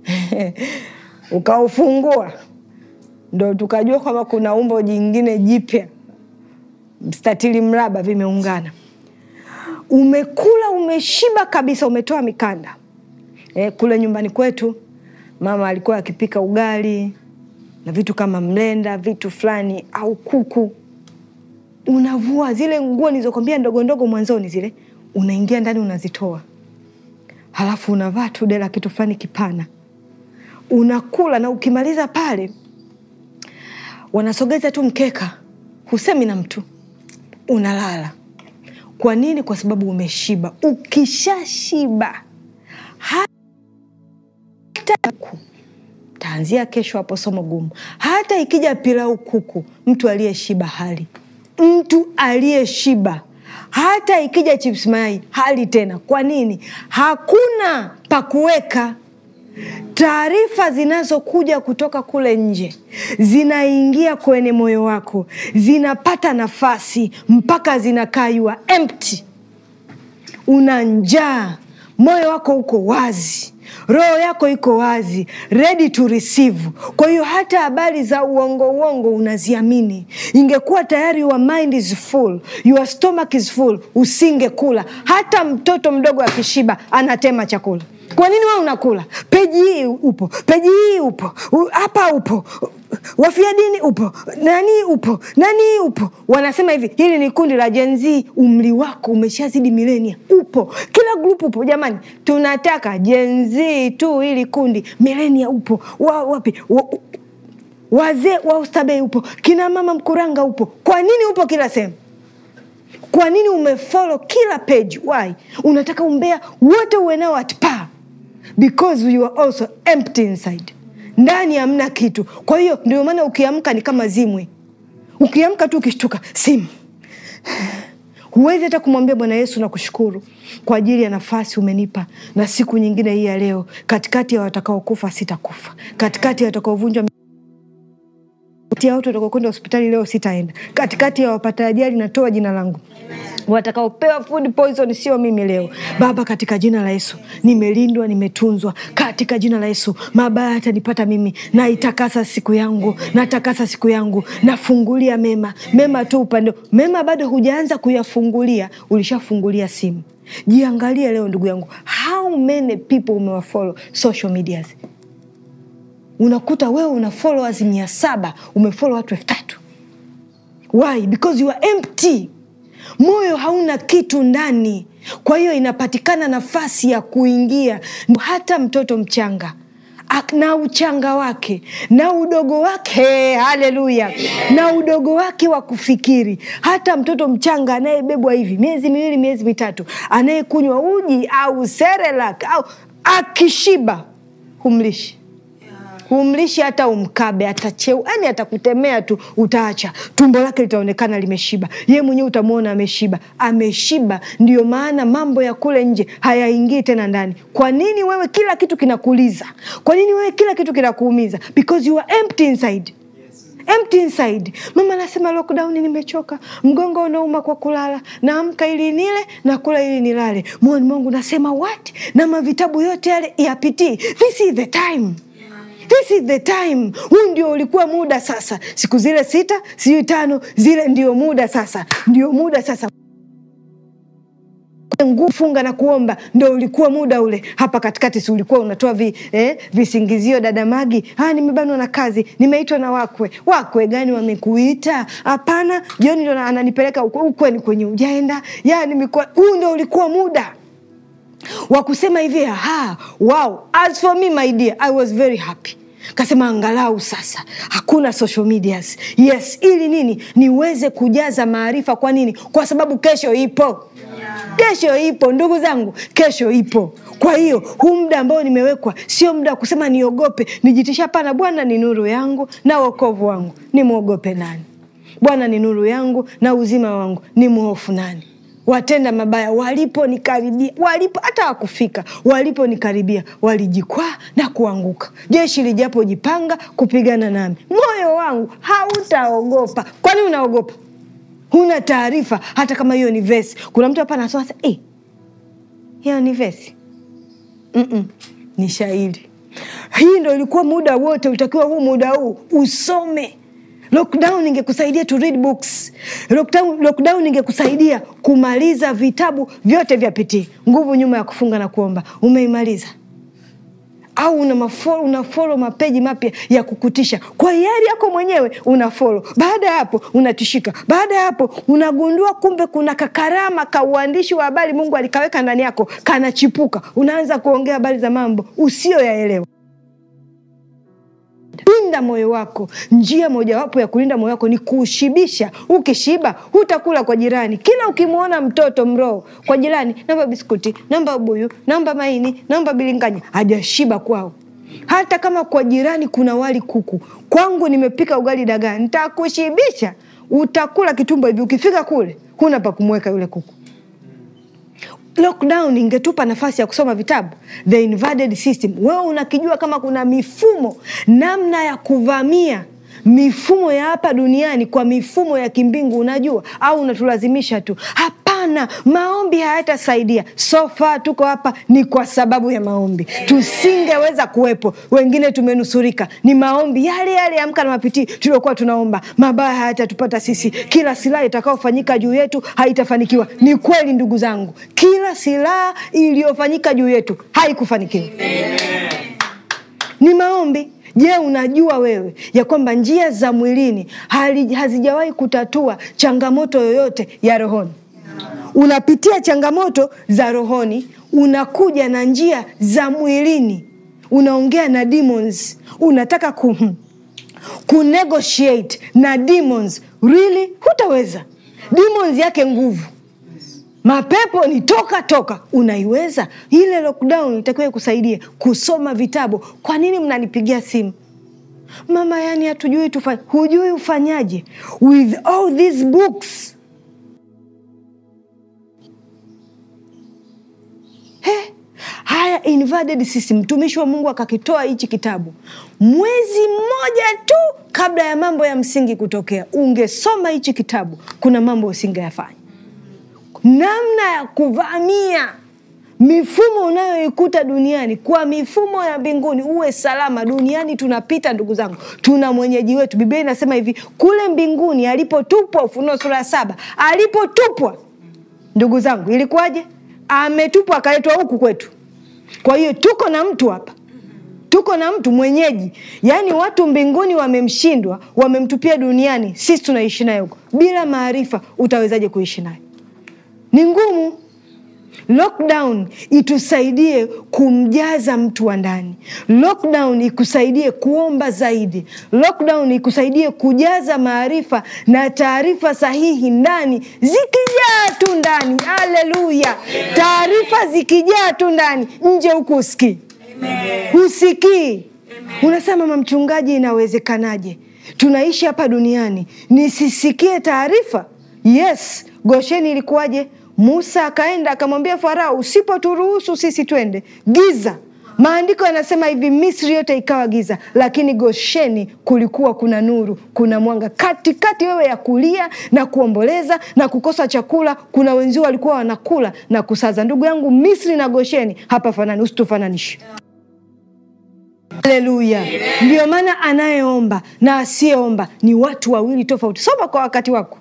(laughs) ukaufungua, ndo tukajua kwamba kuna umbo jingine jipya, mstatili mraba, vimeungana. Umekula, umeshiba kabisa, umetoa mikanda. E, kule nyumbani kwetu mama alikuwa akipika ugali na vitu kama mlenda, vitu fulani au kuku unavua zile nguo nilizokwambia ndogo ndogo mwanzoni, zile unaingia ndani unazitoa, halafu unavaa tu dela kitu fulani kipana, unakula na ukimaliza pale wanasogeza tu mkeka, husemi na mtu, unalala. Kwa nini? Kwa sababu umeshiba. Ukishashiba hata taanzia kesho hapo somo gumu, hata ikija pilau kuku, mtu aliyeshiba hali mtu aliyeshiba hata ikija chips mayai hali tena. Kwa nini? Hakuna pa kuweka. Taarifa zinazokuja kutoka kule nje zinaingia kwenye moyo wako, zinapata nafasi mpaka zinakaa yua empty. Una njaa, moyo wako uko wazi roho yako iko wazi, ready to receive. Kwa hiyo hata habari za uongo uongo unaziamini. Ingekuwa tayari your mind is full, your stomach is full, usingekula. Hata mtoto mdogo akishiba anatema chakula. Kwa nini wewe unakula? Peji hii upo, peji hii upo, hapa upo, wafia dini upo, nani upo, nani upo. Wanasema hivi, hili ni kundi la Gen Z, umri wako umeshazidi milenia, upo kila grupu upo. Jamani, tunataka Gen Z zii tu ili kundi, milenia upo wa, wapi wa, wazee wa Ustabei upo, kina mama Mkuranga upo. Kwa nini upo kila sehemu? Kwa nini umefolo kila page? Why unataka umbea wote uwe nao atpa because you are also empty inside. Ndani hamna kitu. Kwa hiyo ndio maana ukiamka ni kama zimwe, ukiamka tu ukishtuka simu huwezi hata kumwambia Bwana Yesu, nakushukuru kwa ajili ya nafasi umenipa na siku nyingine hii ya leo. Katikati ya watakaokufa sitakufa, katikati ya watakaovunjwa kupitia watu watakokwenda hospitali leo sitaenda. Katikati ya wapata ajali natoa jina langu, watakaopewa food poison sio mimi leo. Baba, katika jina la Yesu nimelindwa, nimetunzwa katika jina la Yesu. Mabaya atanipata mimi, naitakasa siku yangu, natakasa siku yangu, nafungulia mema mema tu upande mema. Bado hujaanza kuyafungulia, ulishafungulia simu. Jiangalie leo ndugu yangu, how many people umewafollow social medias unakuta wewe una followers mia saba umefollow watu elfu tatu Why? Because you are empty. Moyo hauna kitu ndani, kwa hiyo inapatikana nafasi ya kuingia. Hata mtoto mchanga na uchanga wake na udogo wake, haleluya, na udogo wake wa kufikiri. Hata mtoto mchanga anayebebwa hivi miezi miwili, miezi mitatu, anayekunywa uji au serelak au akishiba, humlishi humlishi hata umkabe, atacheu, yani atakutemea tu, utaacha. Tumbo lake litaonekana limeshiba, ye mwenyewe utamwona ameshiba. Ameshiba, ndio maana mambo ya kule nje hayaingii tena ndani. Kwa nini wewe kila kitu kinakuuliza? Kwa nini wewe kila kitu kinakuumiza? Because you are empty inside empty inside. Mama anasema lockdown, nimechoka, mgongo unauma kwa kulala, naamka ili nile, nakula ili nilale. Mwoni Mungu nasema what? Na mavitabu yote yale yapitii, this is the time This is the time. Huu ndio ulikuwa muda sasa, siku zile sita sijui tano zile, ndio muda sasa, ndio muda sasa nguvu funga na kuomba, ndo ulikuwa muda ule. Hapa katikati si ulikuwa unatoa vi, eh, visingizio dada Magi, ah, nimebanwa na kazi, nimeitwa na wakwe. Wakwe gani wamekuita? Hapana, Joni ndo ananipeleka ukweni kwenye ujaenda yani Huu ndo ulikuwa muda wa kusema hivi aha, wow, as for me my dear, I was very happy Kasema angalau sasa hakuna social medias. Yes, ili nini niweze kujaza maarifa. Kwa nini? Kwa sababu kesho ipo, kesho ipo ndugu zangu, kesho ipo. Kwa hiyo huu muda ambao nimewekwa sio muda wa kusema niogope, nijitisha. pana Bwana ni nuru yangu na wokovu wangu, nimwogope nani? Bwana ni nuru yangu na uzima wangu, ni nimhofu nani? watenda mabaya waliponikaribia, walipo hata wakufika, waliponikaribia walijikwaa na kuanguka. Jeshi lijapojipanga kupigana nami, moyo wangu hautaogopa. Kwani unaogopa? Huna taarifa, hata kama hiyo ni vesi. Kuna mtu hapa anasoma eh, hiyo ni vesi mm -mm, ni shairi. Hii ndo ilikuwa muda wote, utakiwa huu muda huu usome lockdown ingekusaidia to read books lockdown, lockdown ingekusaidia kumaliza vitabu vyote vya pitii nguvu nyuma ya kufunga na kuomba umeimaliza au una una folo mapeji mapya ya kukutisha kwa hiari yako mwenyewe una folo. Baada ya hapo unatishika, baada ya hapo unagundua kumbe kuna kakarama ka uandishi wa habari Mungu alikaweka ndani yako kanachipuka, unaanza kuongea habari za mambo usiyoyaelewa kulinda moyo wako. Njia mojawapo ya kulinda moyo wako ni kuushibisha. Ukishiba hutakula kwa jirani. Kila ukimwona mtoto mroho kwa jirani, namba biskuti, namba ubuyu, namba maini, namba bilinganya, hajashiba kwao hata kama kwa jirani kuna wali kuku, kwangu nimepika ugali dagaa, ntakushibisha. Utakula kitumbo hivi, ukifika kule huna pa kumweka yule kuku lockdown ingetupa nafasi ya kusoma vitabu the invaded system. Wewe unakijua kama kuna mifumo namna ya kuvamia mifumo ya hapa duniani kwa mifumo ya kimbingu, unajua au unatulazimisha tu hapa Hapana, maombi hayatasaidia. Sofa tuko hapa ni kwa sababu ya maombi, tusingeweza kuwepo. Wengine tumenusurika ni maombi yale yale, amka na mapitii tuliokuwa tunaomba. Mabaya hayatatupata sisi, kila silaha itakayofanyika juu yetu haitafanikiwa. Ni kweli ndugu zangu, kila silaha iliyofanyika juu yetu haikufanikiwa. Ni maombi. Je, unajua wewe ya kwamba njia za mwilini hazijawahi kutatua changamoto yoyote ya rohoni? unapitia changamoto za rohoni, unakuja na njia za mwilini, unaongea na demons, unataka ku hmm, kunegotiate na demons. Really, hutaweza. Demons yake nguvu mapepo ni toka toka, unaiweza ile lockdown. Itakiwa kusaidia kusoma vitabu. Kwa nini mnanipigia simu mama? Yani hatujui tufanye, hujui ufanyaje with all these books invaded mtumishi wa Mungu akakitoa hichi kitabu mwezi mmoja tu kabla ya mambo ya msingi kutokea. Ungesoma hichi kitabu, kuna mambo usingeyafanya. Namna ya kuvamia mifumo unayoikuta duniani kwa mifumo ya mbinguni, uwe salama. Duniani tunapita, ndugu zangu, tuna mwenyeji wetu. Biblia inasema hivi, kule mbinguni alipotupwa, Ufunuo sura ya saba, alipotupwa, ndugu zangu, ilikuwaje? Ametupwa akaletwa huku kwetu kwa hiyo tuko na mtu hapa, tuko na mtu mwenyeji, yaani watu mbinguni wamemshindwa, wamemtupia duniani, sisi tunaishi naye huko bila maarifa. Utawezaje kuishi naye? Ni ngumu. Lockdown itusaidie kumjaza mtu wa ndani. Lockdown ikusaidie kuomba zaidi. Lockdown ikusaidie kujaza maarifa na taarifa sahihi ndani, zikijaa tu ndani. Haleluya! taarifa zikijaa tu ndani, nje huku usikii, usikii. Unasema mchungaji inawezekanaje? Tunaishi hapa duniani nisisikie taarifa? Yes. Gosheni ilikuwaje? Musa akaenda akamwambia Farao, usipoturuhusu sisi twende giza Maandiko yanasema hivi, Misri yote ikawa giza, lakini Gosheni kulikuwa kuna nuru, kuna mwanga. Katikati wewe ya kulia na kuomboleza na kukosa chakula, kuna wenzio walikuwa wanakula na kusaza. Ndugu yangu, Misri na Gosheni hapa fanani, usitufananishe. Haleluya! Ndio maana anayeomba na asiyeomba ni watu wawili tofauti. Soma kwa wakati wako,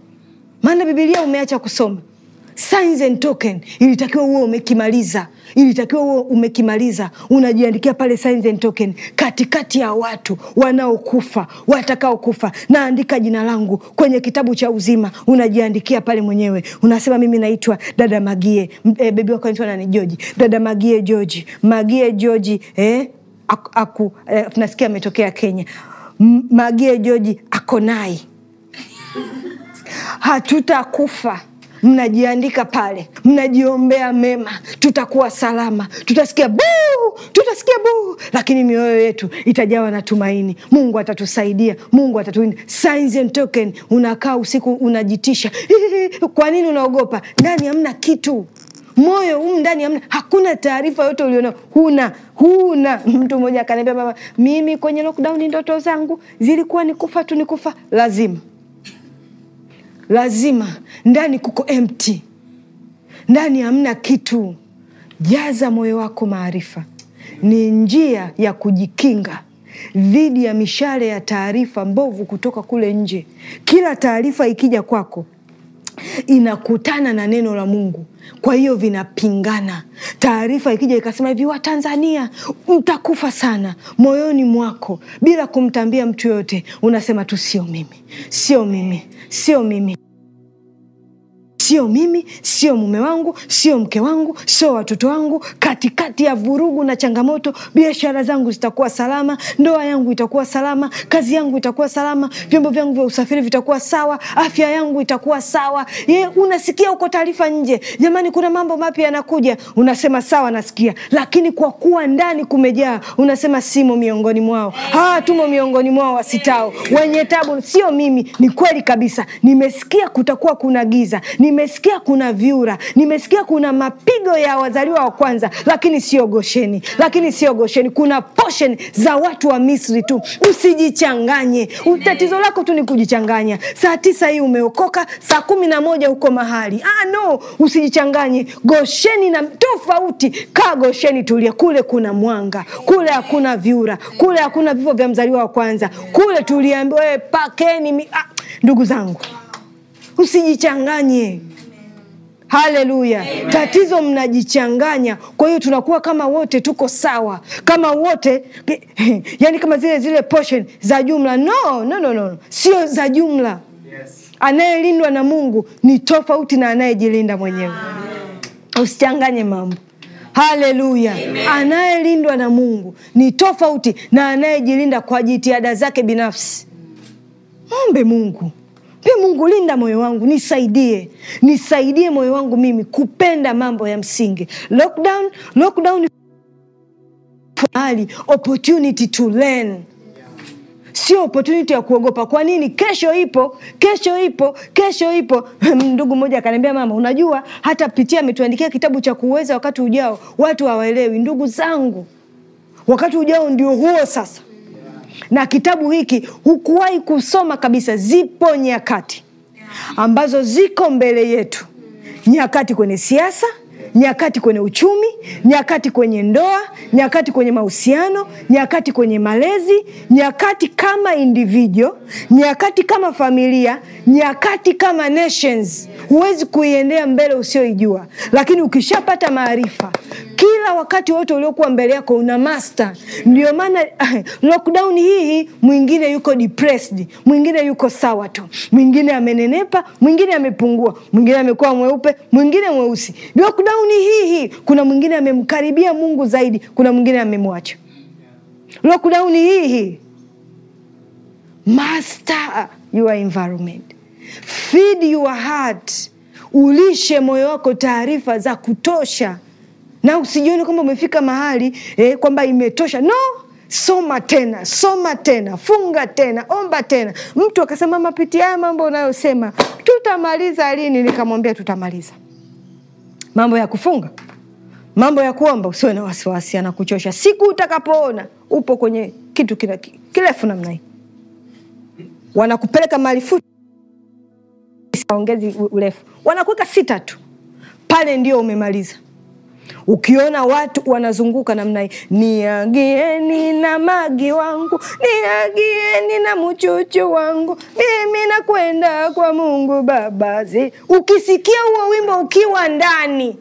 maana Bibilia umeacha kusoma signs and token ilitakiwa huo umekimaliza, ilitakiwa huo umekimaliza. Unajiandikia pale signs and token, katikati ya watu wanaokufa, watakaokufa, naandika jina langu kwenye kitabu cha uzima. Unajiandikia pale mwenyewe, unasema mimi naitwa dada Magie. E, eh, bebi wako naitwa nani? Joji, dada Magie, Joji, Magie, Joji. Eh, aku, aku, eh, nasikia ametokea Kenya. Magie Joji akonai, hatutakufa mnajiandika pale, mnajiombea mema, tutakuwa salama, tutasikia buu, tutasikia buu, lakini mioyo yetu itajawa na tumaini. Mungu atatusaidia, Mungu atatuinda. Signs and token, unakaa usiku unajitisha. (laughs) Kwa nini unaogopa? Ndani hamna kitu moyo huu ndani hamna, hakuna taarifa yote ulionao, huna huna. Mtu mmoja akaniambia, mama mimi kwenye lockdown ndoto zangu zilikuwa ni kufa tu, ni kufa lazima lazima ndani kuko empty, ndani hamna kitu. Jaza moyo wako maarifa, ni njia ya kujikinga dhidi ya mishale ya taarifa mbovu kutoka kule nje. Kila taarifa ikija kwako inakutana na neno la Mungu, kwa hiyo vinapingana. Taarifa ikija ikasema hivi, Watanzania mtakufa sana, moyoni mwako bila kumtambia mtu yoyote unasema tu, sio mimi, sio mimi, sio mimi sio mimi, sio mume wangu, sio mke wangu, sio watoto wangu. Katikati ya vurugu na changamoto, biashara zangu zitakuwa salama, ndoa yangu itakuwa salama, kazi yangu itakuwa salama, vyombo vyangu vya usafiri vitakuwa sawa, afya yangu itakuwa sawa. Ye, unasikia uko taarifa nje, jamani, kuna mambo mapya yanakuja, unasema sawa, nasikia, lakini kwa kuwa ndani kumejaa, unasema simo miongoni mwao. hawa ah, tumo miongoni mwao wasitao, wenye tabu. Sio mimi, ni kweli kabisa, nimesikia kutakuwa kuna giza, ni nimesikia kuna vyura, nimesikia kuna mapigo ya wazaliwa wa kwanza, lakini sio gosheni lakini sio gosheni Kuna poshen za watu wa Misri tu, usijichanganye. Tatizo lako tu ni kujichanganya. Saa tisa hii umeokoka, saa kumi na moja huko mahali. Ah, no, usijichanganye. Gosheni na tofauti, kaa Gosheni, tulia kule, kuna mwanga kule, hakuna vyura kule, hakuna vifo vya mzaliwa wa kwanza kule, tuliambiwa eh, pakeni ah, ndugu zangu usijichanganye haleluya tatizo mnajichanganya kwa hiyo tunakuwa kama wote tuko sawa kama wote (laughs) yani kama zile zile portion za jumla no no no, no. sio za jumla yes. anayelindwa na mungu ni tofauti na anayejilinda mwenyewe usichanganye mambo haleluya anayelindwa na mungu ni tofauti na anayejilinda kwa jitihada zake binafsi mombe mungu pia Mungu, linda moyo wangu, nisaidie, nisaidie moyo wangu mimi kupenda mambo ya msingi. Lockdown, lockdown opportunity to learn Sio opportunity ya kuogopa. Kwa nini? Kesho ipo, kesho ipo, kesho ipo. (laughs) Ndugu mmoja akaniambia, mama, unajua hata Pitia ametuandikia kitabu cha kuweza wakati ujao. Watu hawaelewi, ndugu zangu, wakati ujao ndio huo sasa na kitabu hiki hukuwahi kusoma kabisa. Zipo nyakati ambazo ziko mbele yetu, nyakati kwenye siasa nyakati kwenye uchumi, nyakati kwenye ndoa, nyakati kwenye mahusiano, nyakati kwenye malezi, nyakati kama individual, nyakati kama familia, nyakati kama nations. Huwezi kuiendea mbele usioijua, lakini ukishapata maarifa, kila wakati wote uliokuwa mbele yako una master. Ndio maana (laughs) lockdown hii, mwingine yuko depressed, mwingine yuko sawa tu, mwingine amenenepa, mwingine amepungua, mwingine amekuwa mweupe, mwingine mweusi. lockdown ni hii hii kuna mwingine amemkaribia Mungu zaidi, kuna mwingine amemwacha. Lockdown hii hii. Master your environment, feed your heart, ulishe moyo wako taarifa za kutosha, na usijione kwamba umefika mahali eh, kwamba imetosha. No, soma tena, soma tena, funga tena, omba tena. Mtu akasema mapiti haya mambo unayosema tutamaliza lini? Nikamwambia tutamaliza mambo ya kufunga, mambo ya kuomba, usiwe na wasiwasi, anakuchosha. Siku utakapoona upo kwenye kitu kina, kirefu namna hii, wanakupeleka mahali fupi, ongezi urefu, wanakuweka sita tu pale, ndio umemaliza. Ukiona watu wanazunguka namna hii, niagieni na magi wangu, niagieni na mchuchu wangu, mimi nakwenda kwa Mungu Babazi. Ukisikia huo wimbo ukiwa ndani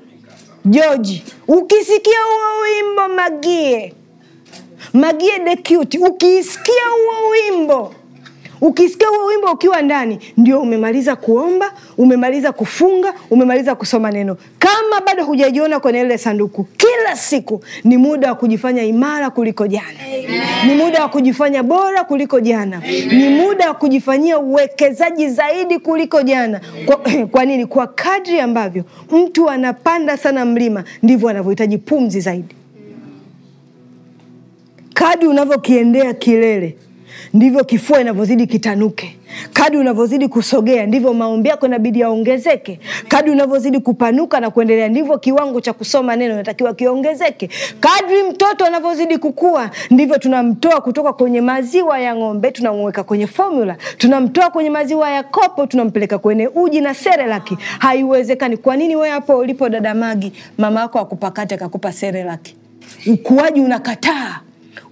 Joji, ukisikia huo wimbo Magie, Magie the Cute, huo wimbo Ukisikia huo wimbo ukiwa ndani, ndio umemaliza kuomba, umemaliza kufunga, umemaliza kusoma neno. Kama bado hujajiona kwenye ile sanduku, kila siku ni muda wa kujifanya imara kuliko jana, ni muda wa kujifanya bora kuliko jana, ni muda wa kujifanyia uwekezaji zaidi kuliko jana. Kwa, (clears throat) kwa nini? Kwa kadri ambavyo mtu anapanda sana mlima, ndivyo anavyohitaji pumzi zaidi. Kadri unavyokiendea kilele ndivyo kifua inavyozidi kitanuke. Kadi unavyozidi kusogea ndivyo maombi yako inabidi yaongezeke. Kadi unavyozidi kupanuka na kuendelea, ndivyo kiwango cha kusoma neno inatakiwa kiongezeke. Kadri mtoto anavyozidi kukua, ndivyo tunamtoa kutoka kwenye maziwa ya ng'ombe, tunamweka kwenye fomula tunamtoa kwenye maziwa ya kopo, tunampeleka kwenye uji na serelaki. Haiwezekani. Kwa nini wee hapo ulipo, dada Magi, mama yako akupakate akakupa serelaki? Ukuaji unakataa,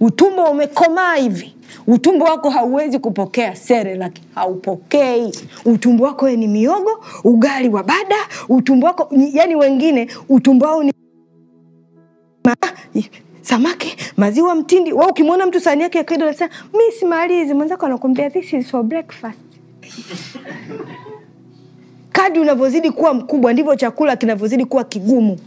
utumbo umekomaa hivi Utumbo wako hauwezi kupokea sere laki, haupokei. Utumbo wako ni miogo, ugali wa bada, utumbo wako yani, wengine utumbo wao ni Ma, samaki, maziwa, mtindi. Wewe ukimwona mtu sahani yake ya kawaida nasema mimi simalizi, mwenzako anakuambia this is for breakfast. (laughs) Kadi unavyozidi kuwa mkubwa ndivyo chakula kinavyozidi kuwa kigumu.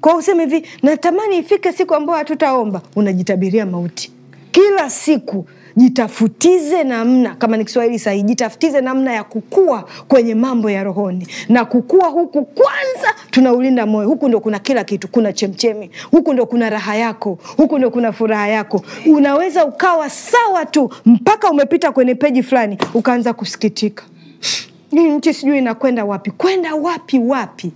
Kwa useme hivi, natamani ifike siku ambayo hatutaomba, unajitabiria mauti kila siku jitafutize namna, kama ni Kiswahili sahii jitafutize namna ya kukua kwenye mambo ya rohoni. Na kukua huku kwanza tunaulinda moyo. Huku ndo kuna kila kitu, kuna chemchemi, huku ndo kuna raha yako, huku ndo kuna furaha yako. Unaweza ukawa sawa tu mpaka umepita kwenye peji fulani ukaanza kusikitika, hii nchi sijui inakwenda wapi, kwenda wapi wapi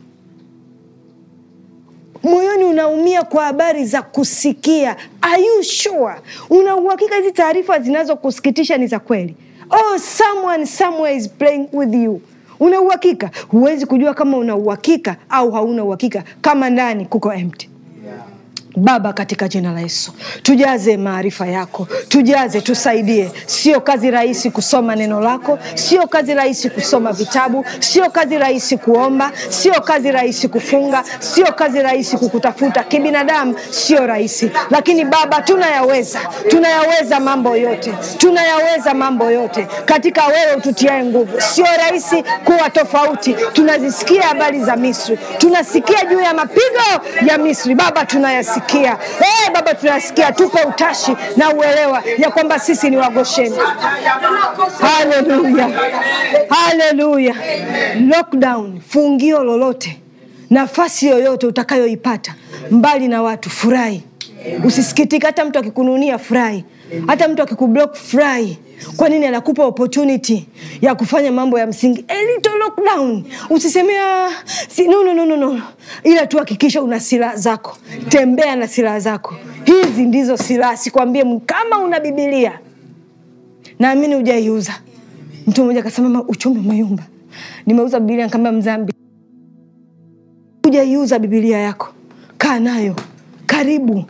moyoni unaumia kwa habari za kusikia. Are you sure? Una uhakika hizi taarifa zinazokusikitisha ni za kweli? Oh, someone somewhere is playing with you. Una uhakika? Huwezi kujua kama una uhakika au hauna uhakika kama ndani kuko empty. Baba, katika jina la Yesu tujaze maarifa yako, tujaze, tusaidie. Sio kazi rahisi kusoma neno lako, sio kazi rahisi kusoma vitabu, sio kazi rahisi kuomba, sio kazi rahisi kufunga, sio kazi rahisi kukutafuta kibinadamu, sio rahisi, lakini Baba tunayaweza, tunayaweza mambo yote, tunayaweza mambo yote katika wewe ututiae nguvu. Sio rahisi kuwa tofauti, tunazisikia habari za Misri, tunasikia juu ya mapigo ya Misri, Baba tunayasikia kutusikia. Hey, eh, Baba tunasikia, tupe utashi na uelewa ya kwamba sisi ni Wagosheni. Haleluya, haleluya. Lockdown, fungio lolote, nafasi yoyote utakayoipata mbali na watu, furahi usisikitika hata mtu akikununia furahi hata mtu akikublock furahi kwa nini anakupa opportunity ya kufanya mambo ya msingi a lockdown usisemea si, no, no, no, no, no. ila tu hakikisha una silaha zako tembea na silaha zako hizi ndizo silaha sikwambie kama una bibilia naamini ujaiuza mtu mmoja akasema uchumi umeyumba nimeuza bibilia kama mzambi ujaiuza bibilia yako kaa nayo karibu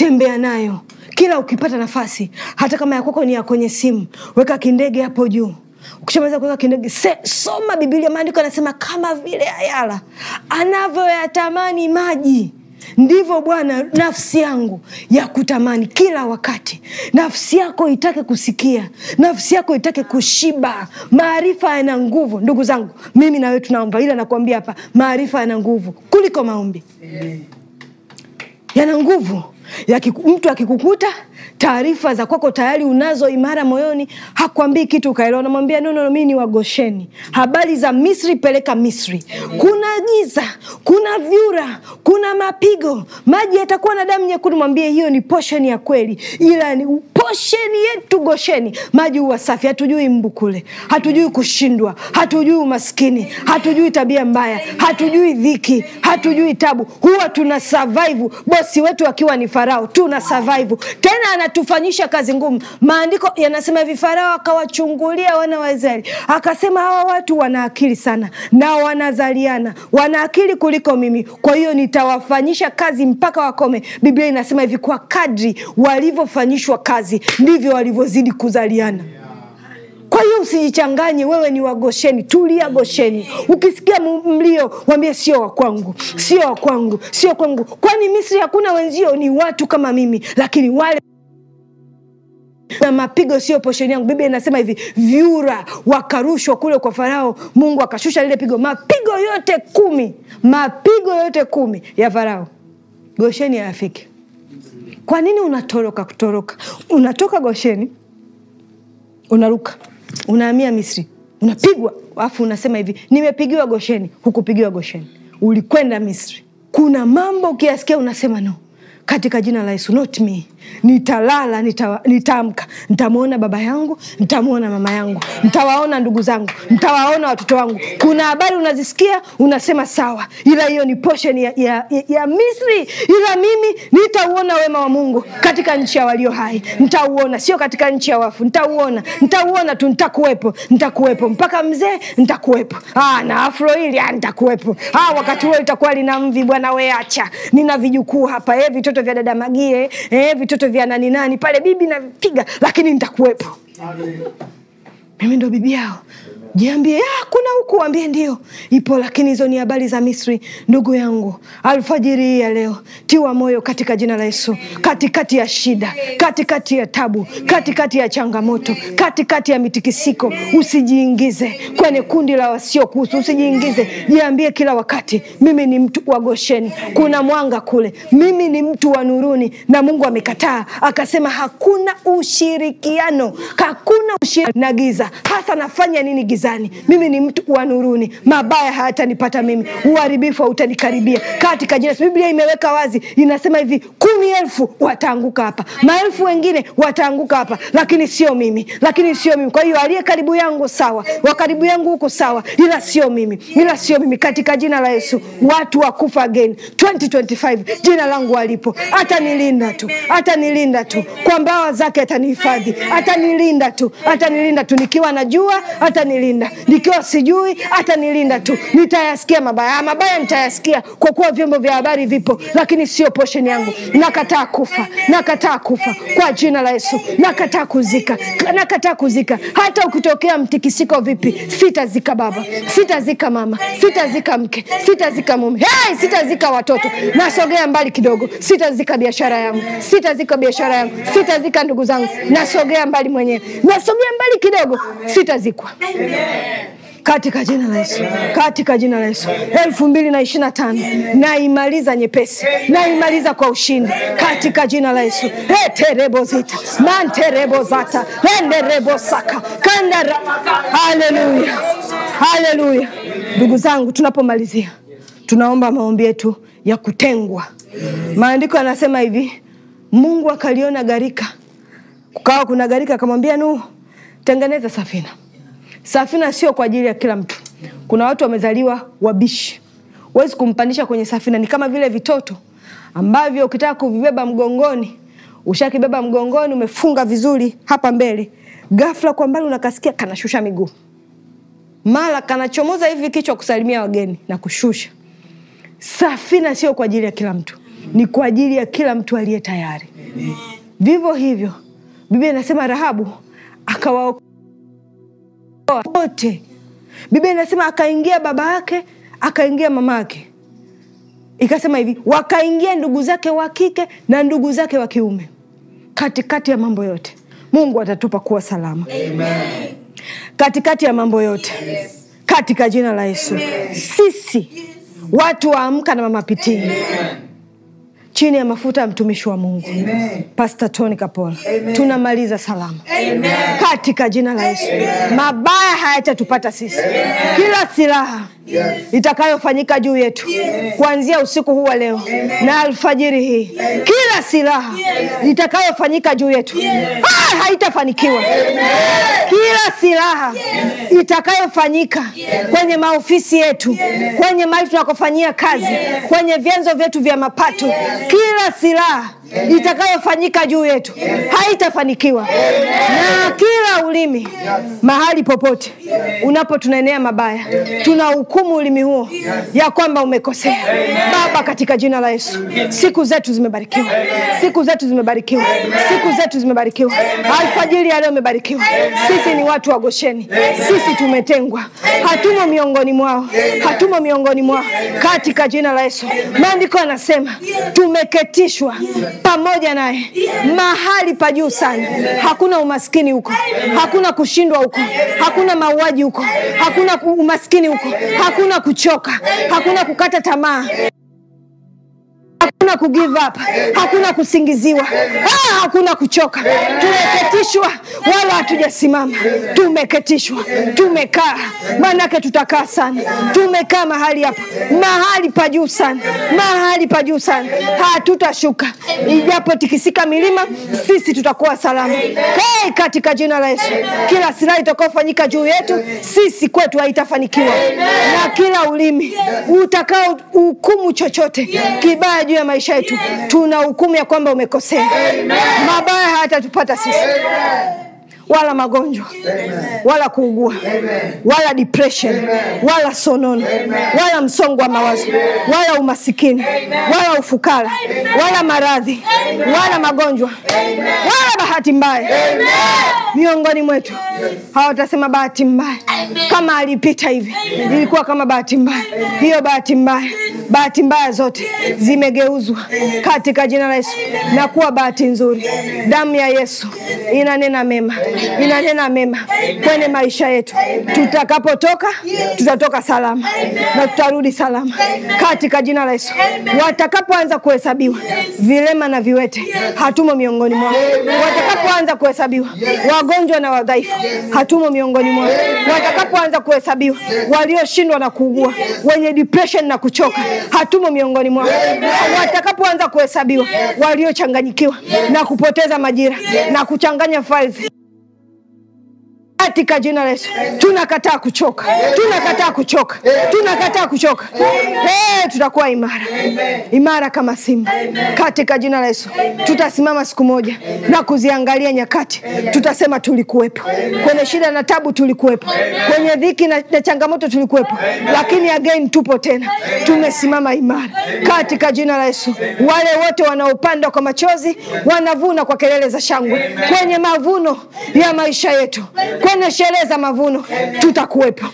tembea nayo kila ukipata nafasi, hata kama ya kwako ni ya kwenye simu, weka kindege hapo juu. Ukishamaliza kuweka kindege se, soma Biblia. Maandiko anasema kama vile ayala anavyoyatamani maji ndivyo Bwana nafsi yangu ya kutamani kila wakati. Nafsi yako itake kusikia, nafsi yako itake kushiba. Maarifa yana nguvu, ndugu zangu, mimi na wewe tunaomba, ila nakuambia hapa, maarifa yana nguvu kuliko maombi, yana nguvu ya kiku, mtu akikukuta taarifa za kwako tayari unazo imara moyoni, hakwambii kitu ukaelewa, unamwambia no, no, no, ni Wagosheni, habari za Misri peleka Misri. Kuna giza, kuna vyura, kuna mapigo, maji yatakuwa na damu nyekundu. Mwambie hiyo ni posheni ya kweli, ila ni posheni yetu Gosheni. Maji huwa safi, hatujui mbu kule, hatujui kushindwa, hatujui umaskini, hatujui tabia mbaya, hatujui dhiki, hatujui tabu, huwa tuna survive bosi wetu akiwa ni fa Farao tuna survive tena, anatufanyisha kazi ngumu. Maandiko yanasema hivi, Farao akawachungulia wana wa Israeli akasema, hawa watu wana akili sana na wanazaliana, wana akili kuliko mimi, kwa hiyo nitawafanyisha kazi mpaka wakome. Biblia inasema hivi, kwa kadri walivyofanyishwa kazi ndivyo walivyozidi kuzaliana. Kwa hiyo usijichanganye, wewe ni Wagosheni, tulia Gosheni. Ukisikia mlio wambie, sio wa kwangu, sio wa kwangu, sio kwangu. Kwani Misri hakuna wenzio? Ni watu kama mimi, lakini wale na mapigo sio posheni yangu. Biblia inasema hivi, vyura wakarushwa kule kwa Farao, Mungu akashusha lile pigo, mapigo yote kumi, mapigo yote kumi ya Farao Gosheni hayafiki. Kwa nini unatoroka? Kutoroka, unatoka Gosheni unaruka unahamia Misri, unapigwa alafu unasema hivi, nimepigiwa Gosheni. Hukupigiwa Gosheni, ulikwenda Misri. Kuna mambo ukiyasikia unasema no katika jina la Yesu, not me. Nitalala, nitaamka, nitamwona baba yangu, nitamwona mama yangu, nitawaona ndugu zangu, nitawaona watoto wangu. Kuna habari unazisikia, unasema sawa, ila hiyo ni portion ya, ya, ya Misri, ila mimi nitauona wema wa Mungu katika nchi ya walio hai, nitauona, sio katika nchi ya wafu. Nitauona, nitauona tu, nitakuwepo, nitakuwepo mpaka mzee, nitakuwepo. Ah, na afro hili, ah, nitakuwepo. Ah, wakati huo litakuwa lina mvi, bwana weacha, nina vijukuu hapa, eh, vitoto vya dada Magie eh, vitoto vya nani nani pale, bibi napiga lakini nitakuwepo mimi ndo bibi yao. Jiambie ah, kuna huku, ambie ndio ipo, lakini hizo ni habari za Misri. Ndugu yangu, alfajiri hii ya leo tiwa moyo katika jina la Yesu, katikati ya shida, katikati ya tabu, katikati ya changamoto, katikati ya mitikisiko, usijiingize kwenye kundi la wasiokuhusu, usijiingize. Jiambie kila wakati, mimi ni mtu wa Gosheni, kuna mwanga kule, mimi ni mtu wa nuruni, na Mungu amekataa akasema, hakuna ushirikiano, hakuna ushirikiano na giza. Hasa nafanya nini giza? gizani, mimi ni mtu wa nuruni, mabaya hayatanipata mimi, uharibifu hautanikaribia katika jina. Biblia imeweka wazi, inasema hivi, kumi elfu wataanguka hapa, maelfu wengine wataanguka hapa, lakini sio mimi, lakini sio mimi. Kwa hiyo aliye karibu yangu sawa, wa karibu yangu huko sawa, ila sio mimi, ila sio mimi, katika jina la Yesu. Watu wakufa again 2025 jina langu alipo, atanilinda tu, atanilinda tu kwa mbawa zake, atanihifadhi, atanilinda tu, atanilinda tu nikiwa najua, atanilinda atanilinda, nikiwa sijui hata nilinda tu. Nitayasikia mabaya, ah, mabaya nitayasikia kwa kuwa vyombo vya habari vipo, lakini sio posheni yangu. Nakataa kufa, nakataa kufa kwa jina la Yesu. Nakataa kuzika, nakataa kuzika. Hata ukitokea mtikisiko vipi, sitazika baba, sitazika mama, sitazika mke, sitazika mume, hey, sitazika watoto. Nasogea mbali kidogo, sitazika biashara yangu, sitazika biashara yangu, sitazika ndugu zangu. Nasogea mbali mwenyewe, nasogea mbali kidogo, sitazikwa katika jina la Yesu, katika jina la Yesu, elfu mbili na ishirini na tano naimaliza nyepesi, naimaliza kwa ushindi katika jina la Yesu. zata enderebo saka kandara. Haleluya, haleluya. Ndugu zangu, tunapomalizia tunaomba maombi yetu ya kutengwa. Maandiko yanasema hivi, Mungu akaliona gharika, kukawa kuna gharika, akamwambia Nuhu, tengeneza safina Safina sio kwa ajili ya kila mtu. Kuna watu wamezaliwa wabishi, huwezi kumpandisha kwenye safina. Ni kama vile vitoto ambavyo ukitaka kuvibeba mgongoni, ushakibeba mgongoni, umefunga vizuri hapa mbele, ghafla kwa mbali unakasikia kanashusha miguu, mara kanachomoza hivi kichwa kusalimia wageni na kushusha. Safina sio kwa ajili ya kila mtu, ni kwa ajili ya kila mtu aliye tayari. Vivyo hivyo Biblia inasema Rahabu akawa wote. Biblia inasema akaingia baba yake, akaingia mama yake, ikasema hivi wakaingia ndugu zake wa kike na ndugu zake wa kiume. Katikati ya mambo yote Mungu atatupa kuwa salama. Amen. Katikati ya mambo yote yes. Katika jina la Yesu Amen. Sisi yes. Watu waamka na mama pitini Amen chini ya mafuta ya mtumishi wa Mungu Pasta Tony Kapola, tunamaliza salama Amen. Katika jina la Yesu, mabaya hayatatupata sisi Amen. Kila silaha Yes. itakayofanyika juu yetu yes. kuanzia usiku huu wa leo Amen. na alfajiri hii kila silaha yes. itakayofanyika juu yetu yes. ha, ah, haitafanikiwa Amen. kila silaha yes. itakayofanyika yes. kwenye maofisi yetu yes. kwenye mali tunakofanyia kazi yes. kwenye vyanzo vyetu vya mapato yes. Esquila-se lá! itakayofanyika juu yetu haitafanikiwa na kila ulimi yes. mahali popote unapo tunaenea mabaya tuna tunahukumu ulimi huo yes. ya kwamba umekosea Amen. Baba, katika jina la Yesu, siku zetu zimebarikiwa, siku zetu zimebarikiwa, siku zetu zimebarikiwa. alfajili yaleo imebarikiwa. Sisi ni watu wa Gosheni, sisi tumetengwa, hatumo miongoni mwao, hatumo miongoni mwao, katika jina la Yesu. Maandiko anasema tumeketishwa pamoja naye mahali pa juu sana. Hakuna umaskini huko, hakuna kushindwa huko, hakuna mauaji huko, hakuna umaskini huko, hakuna kuchoka, hakuna kukata tamaa hakuna ku give up, hakuna kusingiziwa, ah, hakuna kuchoka. Tumeketishwa wala hatujasimama, tumeketishwa, tumekaa. Maanake tutakaa sana, tumekaa mahali hapa, mahali pa juu sana, mahali pa juu sana. Hatutashuka, ijapo tikisika milima, sisi tutakuwa salama. Hey, katika jina la Yesu, kila silaha itakayofanyika juu yetu sisi kwetu haitafanikiwa, na kila ulimi utakao hukumu chochote kibaya juu ya maisha maisha yetu, tuna hukumu ya kwamba umekosea, mabaya hayatatupata sisi. Amen wala magonjwa Amen. wala kuugua Amen. wala depression Amen. wala sonono wala msongo wa mawazo wala umasikini wala ufukara wala maradhi wala magonjwa wala bahati mbaya miongoni mwetu hawatasema bahati mbaya kama alipita hivi ilikuwa kama bahati mbaya hiyo bahati mbaya bahati mbaya zote zimegeuzwa katika jina la Yesu na kuwa bahati nzuri damu ya Yesu inanena mema ninanena mema kwenye maisha yetu. Tutakapotoka tutatoka salama na tutarudi salama katika jina la Yesu. Watakapoanza kuhesabiwa vilema na viwete, hatumo miongoni mwao. Watakapoanza kuhesabiwa wagonjwa na wadhaifu, hatumo miongoni mwao. Watakapoanza kuhesabiwa walioshindwa na kuugua, wenye depression na kuchoka, hatumo miongoni mwao. Watakapoanza kuhesabiwa waliochanganyikiwa na kupoteza majira na kuchanganya faili katika jina la Yesu tunakataa kuchoka, tunakataa kuchoka, tunakataa kuchoka. Hey, eh, tutakuwa imara imara kama simba katika jina la Yesu. Tutasimama siku moja na kuziangalia nyakati, tutasema tulikuwepo kwenye shida na tabu, tulikuwepo kwenye dhiki na, na changamoto, tulikuwepo lakini again tupo tena, tumesimama imara katika jina la Yesu. Wale wote wanaopanda kwa machozi wanavuna kwa kelele za shangwe kwenye mavuno ya maisha yetu kwenye tena sherehe za mavuno tutakuwepo,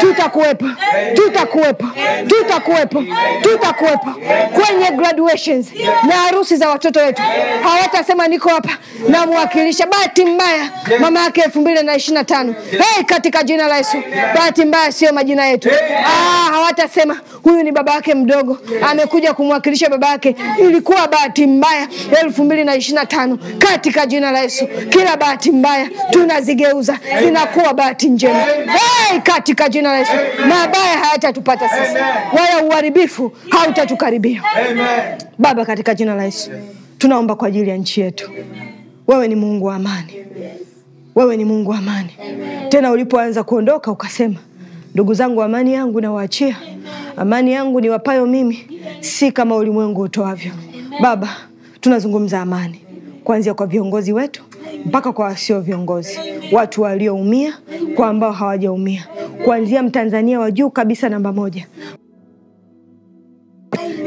tutakuwepo, tutakuwepo, tutakuwepo, tutakuwepo kwenye graduations na harusi za watoto wetu. Hawatasema niko hapa namwakilisha. Bahati mbaya mama yake elfu mbili na ishirini na tano. Hey, katika jina la Yesu, bahati mbaya sio majina yetu. Ah, hawatasema huyu ni baba yake mdogo amekuja kumwakilisha baba yake. Ilikuwa bahati mbaya elfu mbili na ishirini na tano katika jina la Yesu. Kila bahati mbaya tunazigeuza zinakuwa bahati njema hey, katika jina la Yesu. Mabaya hayatatupata sisi, wala uharibifu hautatukaribia Baba, katika jina la Yesu. Tunaomba kwa ajili ya nchi yetu. Wewe ni Mungu wa amani, wewe ni Mungu wa amani. Tena ulipoanza kuondoka ukasema, ndugu zangu, amani yangu nawaachia, amani yangu ni wapayo mimi, si kama ulimwengu utoavyo. Baba, tunazungumza amani kuanzia kwa viongozi wetu mpaka kwa wasio viongozi, watu walioumia kwa ambao hawajaumia, kuanzia Mtanzania wa juu kabisa namba moja,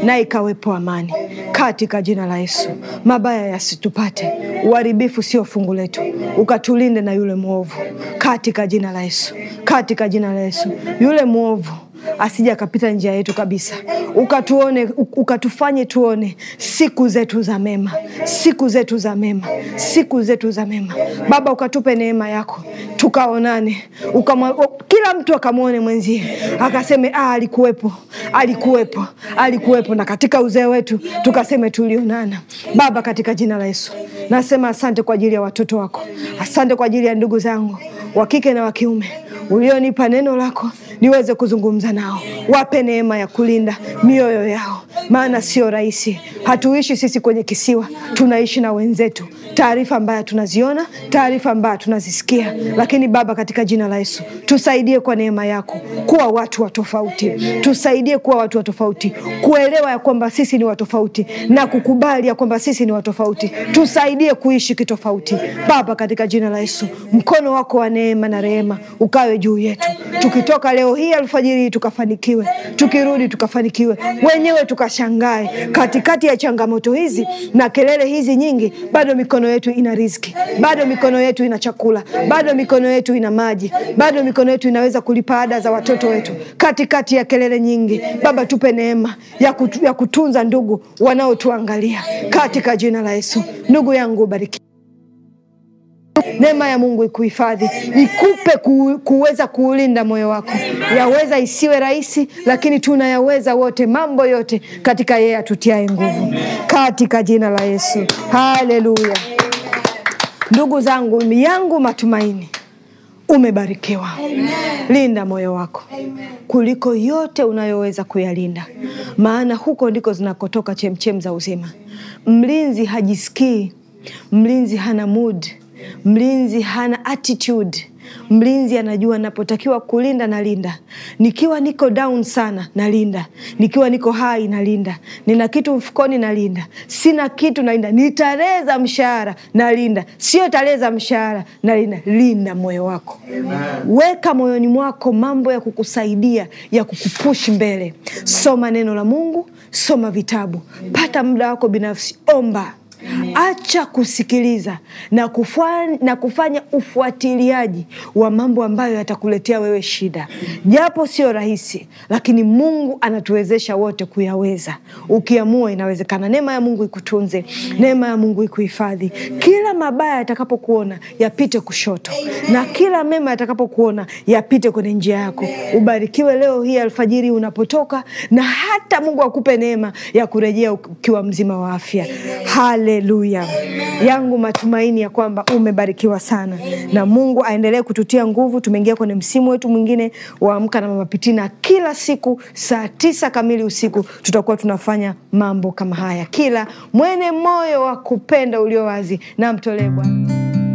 na ikawepo amani katika jina la Yesu. Mabaya yasitupate, uharibifu sio fungu letu, ukatulinde na yule mwovu katika jina la Yesu, katika jina la Yesu, yule mwovu asija akapita njia yetu kabisa, ukatuone, ukatufanye tuone siku zetu za mema, siku zetu za mema, siku zetu za mema. Baba, ukatupe neema yako tukaonane, ukamwa, kila mtu akamwone mwenzie akaseme, ah, alikuwepo, alikuwepo, alikuwepo, na katika uzee wetu tukaseme tulionana. Baba, katika jina la Yesu nasema asante kwa ajili ya watoto wako, asante kwa ajili ya ndugu zangu wa kike na wa kiume ulionipa neno lako niweze kuzungumza nao. Wape neema ya kulinda mioyo yao, maana sio rahisi. Hatuishi sisi kwenye kisiwa, tunaishi na wenzetu. Taarifa ambayo tunaziona, taarifa ambayo tunazisikia, lakini Baba, katika jina la Yesu tusaidie kwa neema yako kuwa watu wa tofauti, tusaidie kuwa watu wa tofauti, kuelewa ya kwamba sisi ni watofauti na kukubali ya kwamba sisi ni watofauti. Tusaidie kuishi kitofauti Baba, katika jina la Yesu, mkono wako wa neema na rehema ukawe juu yetu tukitoka leo leo hii alfajiri tukafanikiwe, tukirudi tukafanikiwe, wenyewe tukashangae katikati ya changamoto hizi na kelele hizi nyingi, bado mikono yetu ina riziki, bado mikono yetu ina chakula, bado mikono yetu ina maji, bado mikono yetu inaweza kulipa ada za watoto wetu. Katikati ya kelele nyingi, Baba, tupe neema ya, kutu, ya kutunza ndugu wanaotuangalia katika jina la Yesu. Ndugu yangu, bariki Neema ya Mungu ikuhifadhi, ikupe ku, kuweza kuulinda moyo wako. Yaweza isiwe rahisi, lakini tunayaweza wote, mambo yote katika yeye atutiae nguvu, katika jina la Yesu. Haleluya! Ndugu zangu, yangu matumaini umebarikiwa. Amen. Linda moyo wako Amen, kuliko yote unayoweza kuyalinda, maana huko ndiko zinakotoka chemchem za uzima. Mlinzi hajisikii, mlinzi hana mudi Mlinzi hana attitude. Mlinzi anajua napotakiwa kulinda nalinda, nikiwa niko down sana nalinda, nikiwa niko hai nalinda, nina kitu mfukoni nalinda, sina kitu nalinda, ni mshahara nalinda, sio tareza mshahara nalinda. Linda moyo wako, weka moyoni mwako mambo ya kukusaidia ya kukupush mbele. Soma neno la Mungu, soma vitabu, pata muda wako binafsi, omba Amen. Acha kusikiliza na, kufanya, na kufanya ufuatiliaji wa mambo ambayo yatakuletea wewe shida, japo sio rahisi, lakini Mungu anatuwezesha wote kuyaweza. Ukiamua inawezekana. Neema ya Mungu ikutunze, neema ya Mungu ikuhifadhi. Kila mabaya yatakapokuona yapite kushoto, na kila mema yatakapokuona yapite kwenye njia yako. Ubarikiwe leo hii alfajiri unapotoka, na hata Mungu akupe neema ya kurejea ukiwa mzima wa afya. Hali Haleluya! yangu matumaini ya kwamba umebarikiwa sana Amen. Na Mungu aendelee kututia nguvu. Tumeingia kwenye msimu wetu mwingine wa Amka na Mama Pitina. Kila siku saa tisa kamili usiku tutakuwa tunafanya mambo kama haya, kila mwene moyo wa kupenda ulio wazi na Bwana.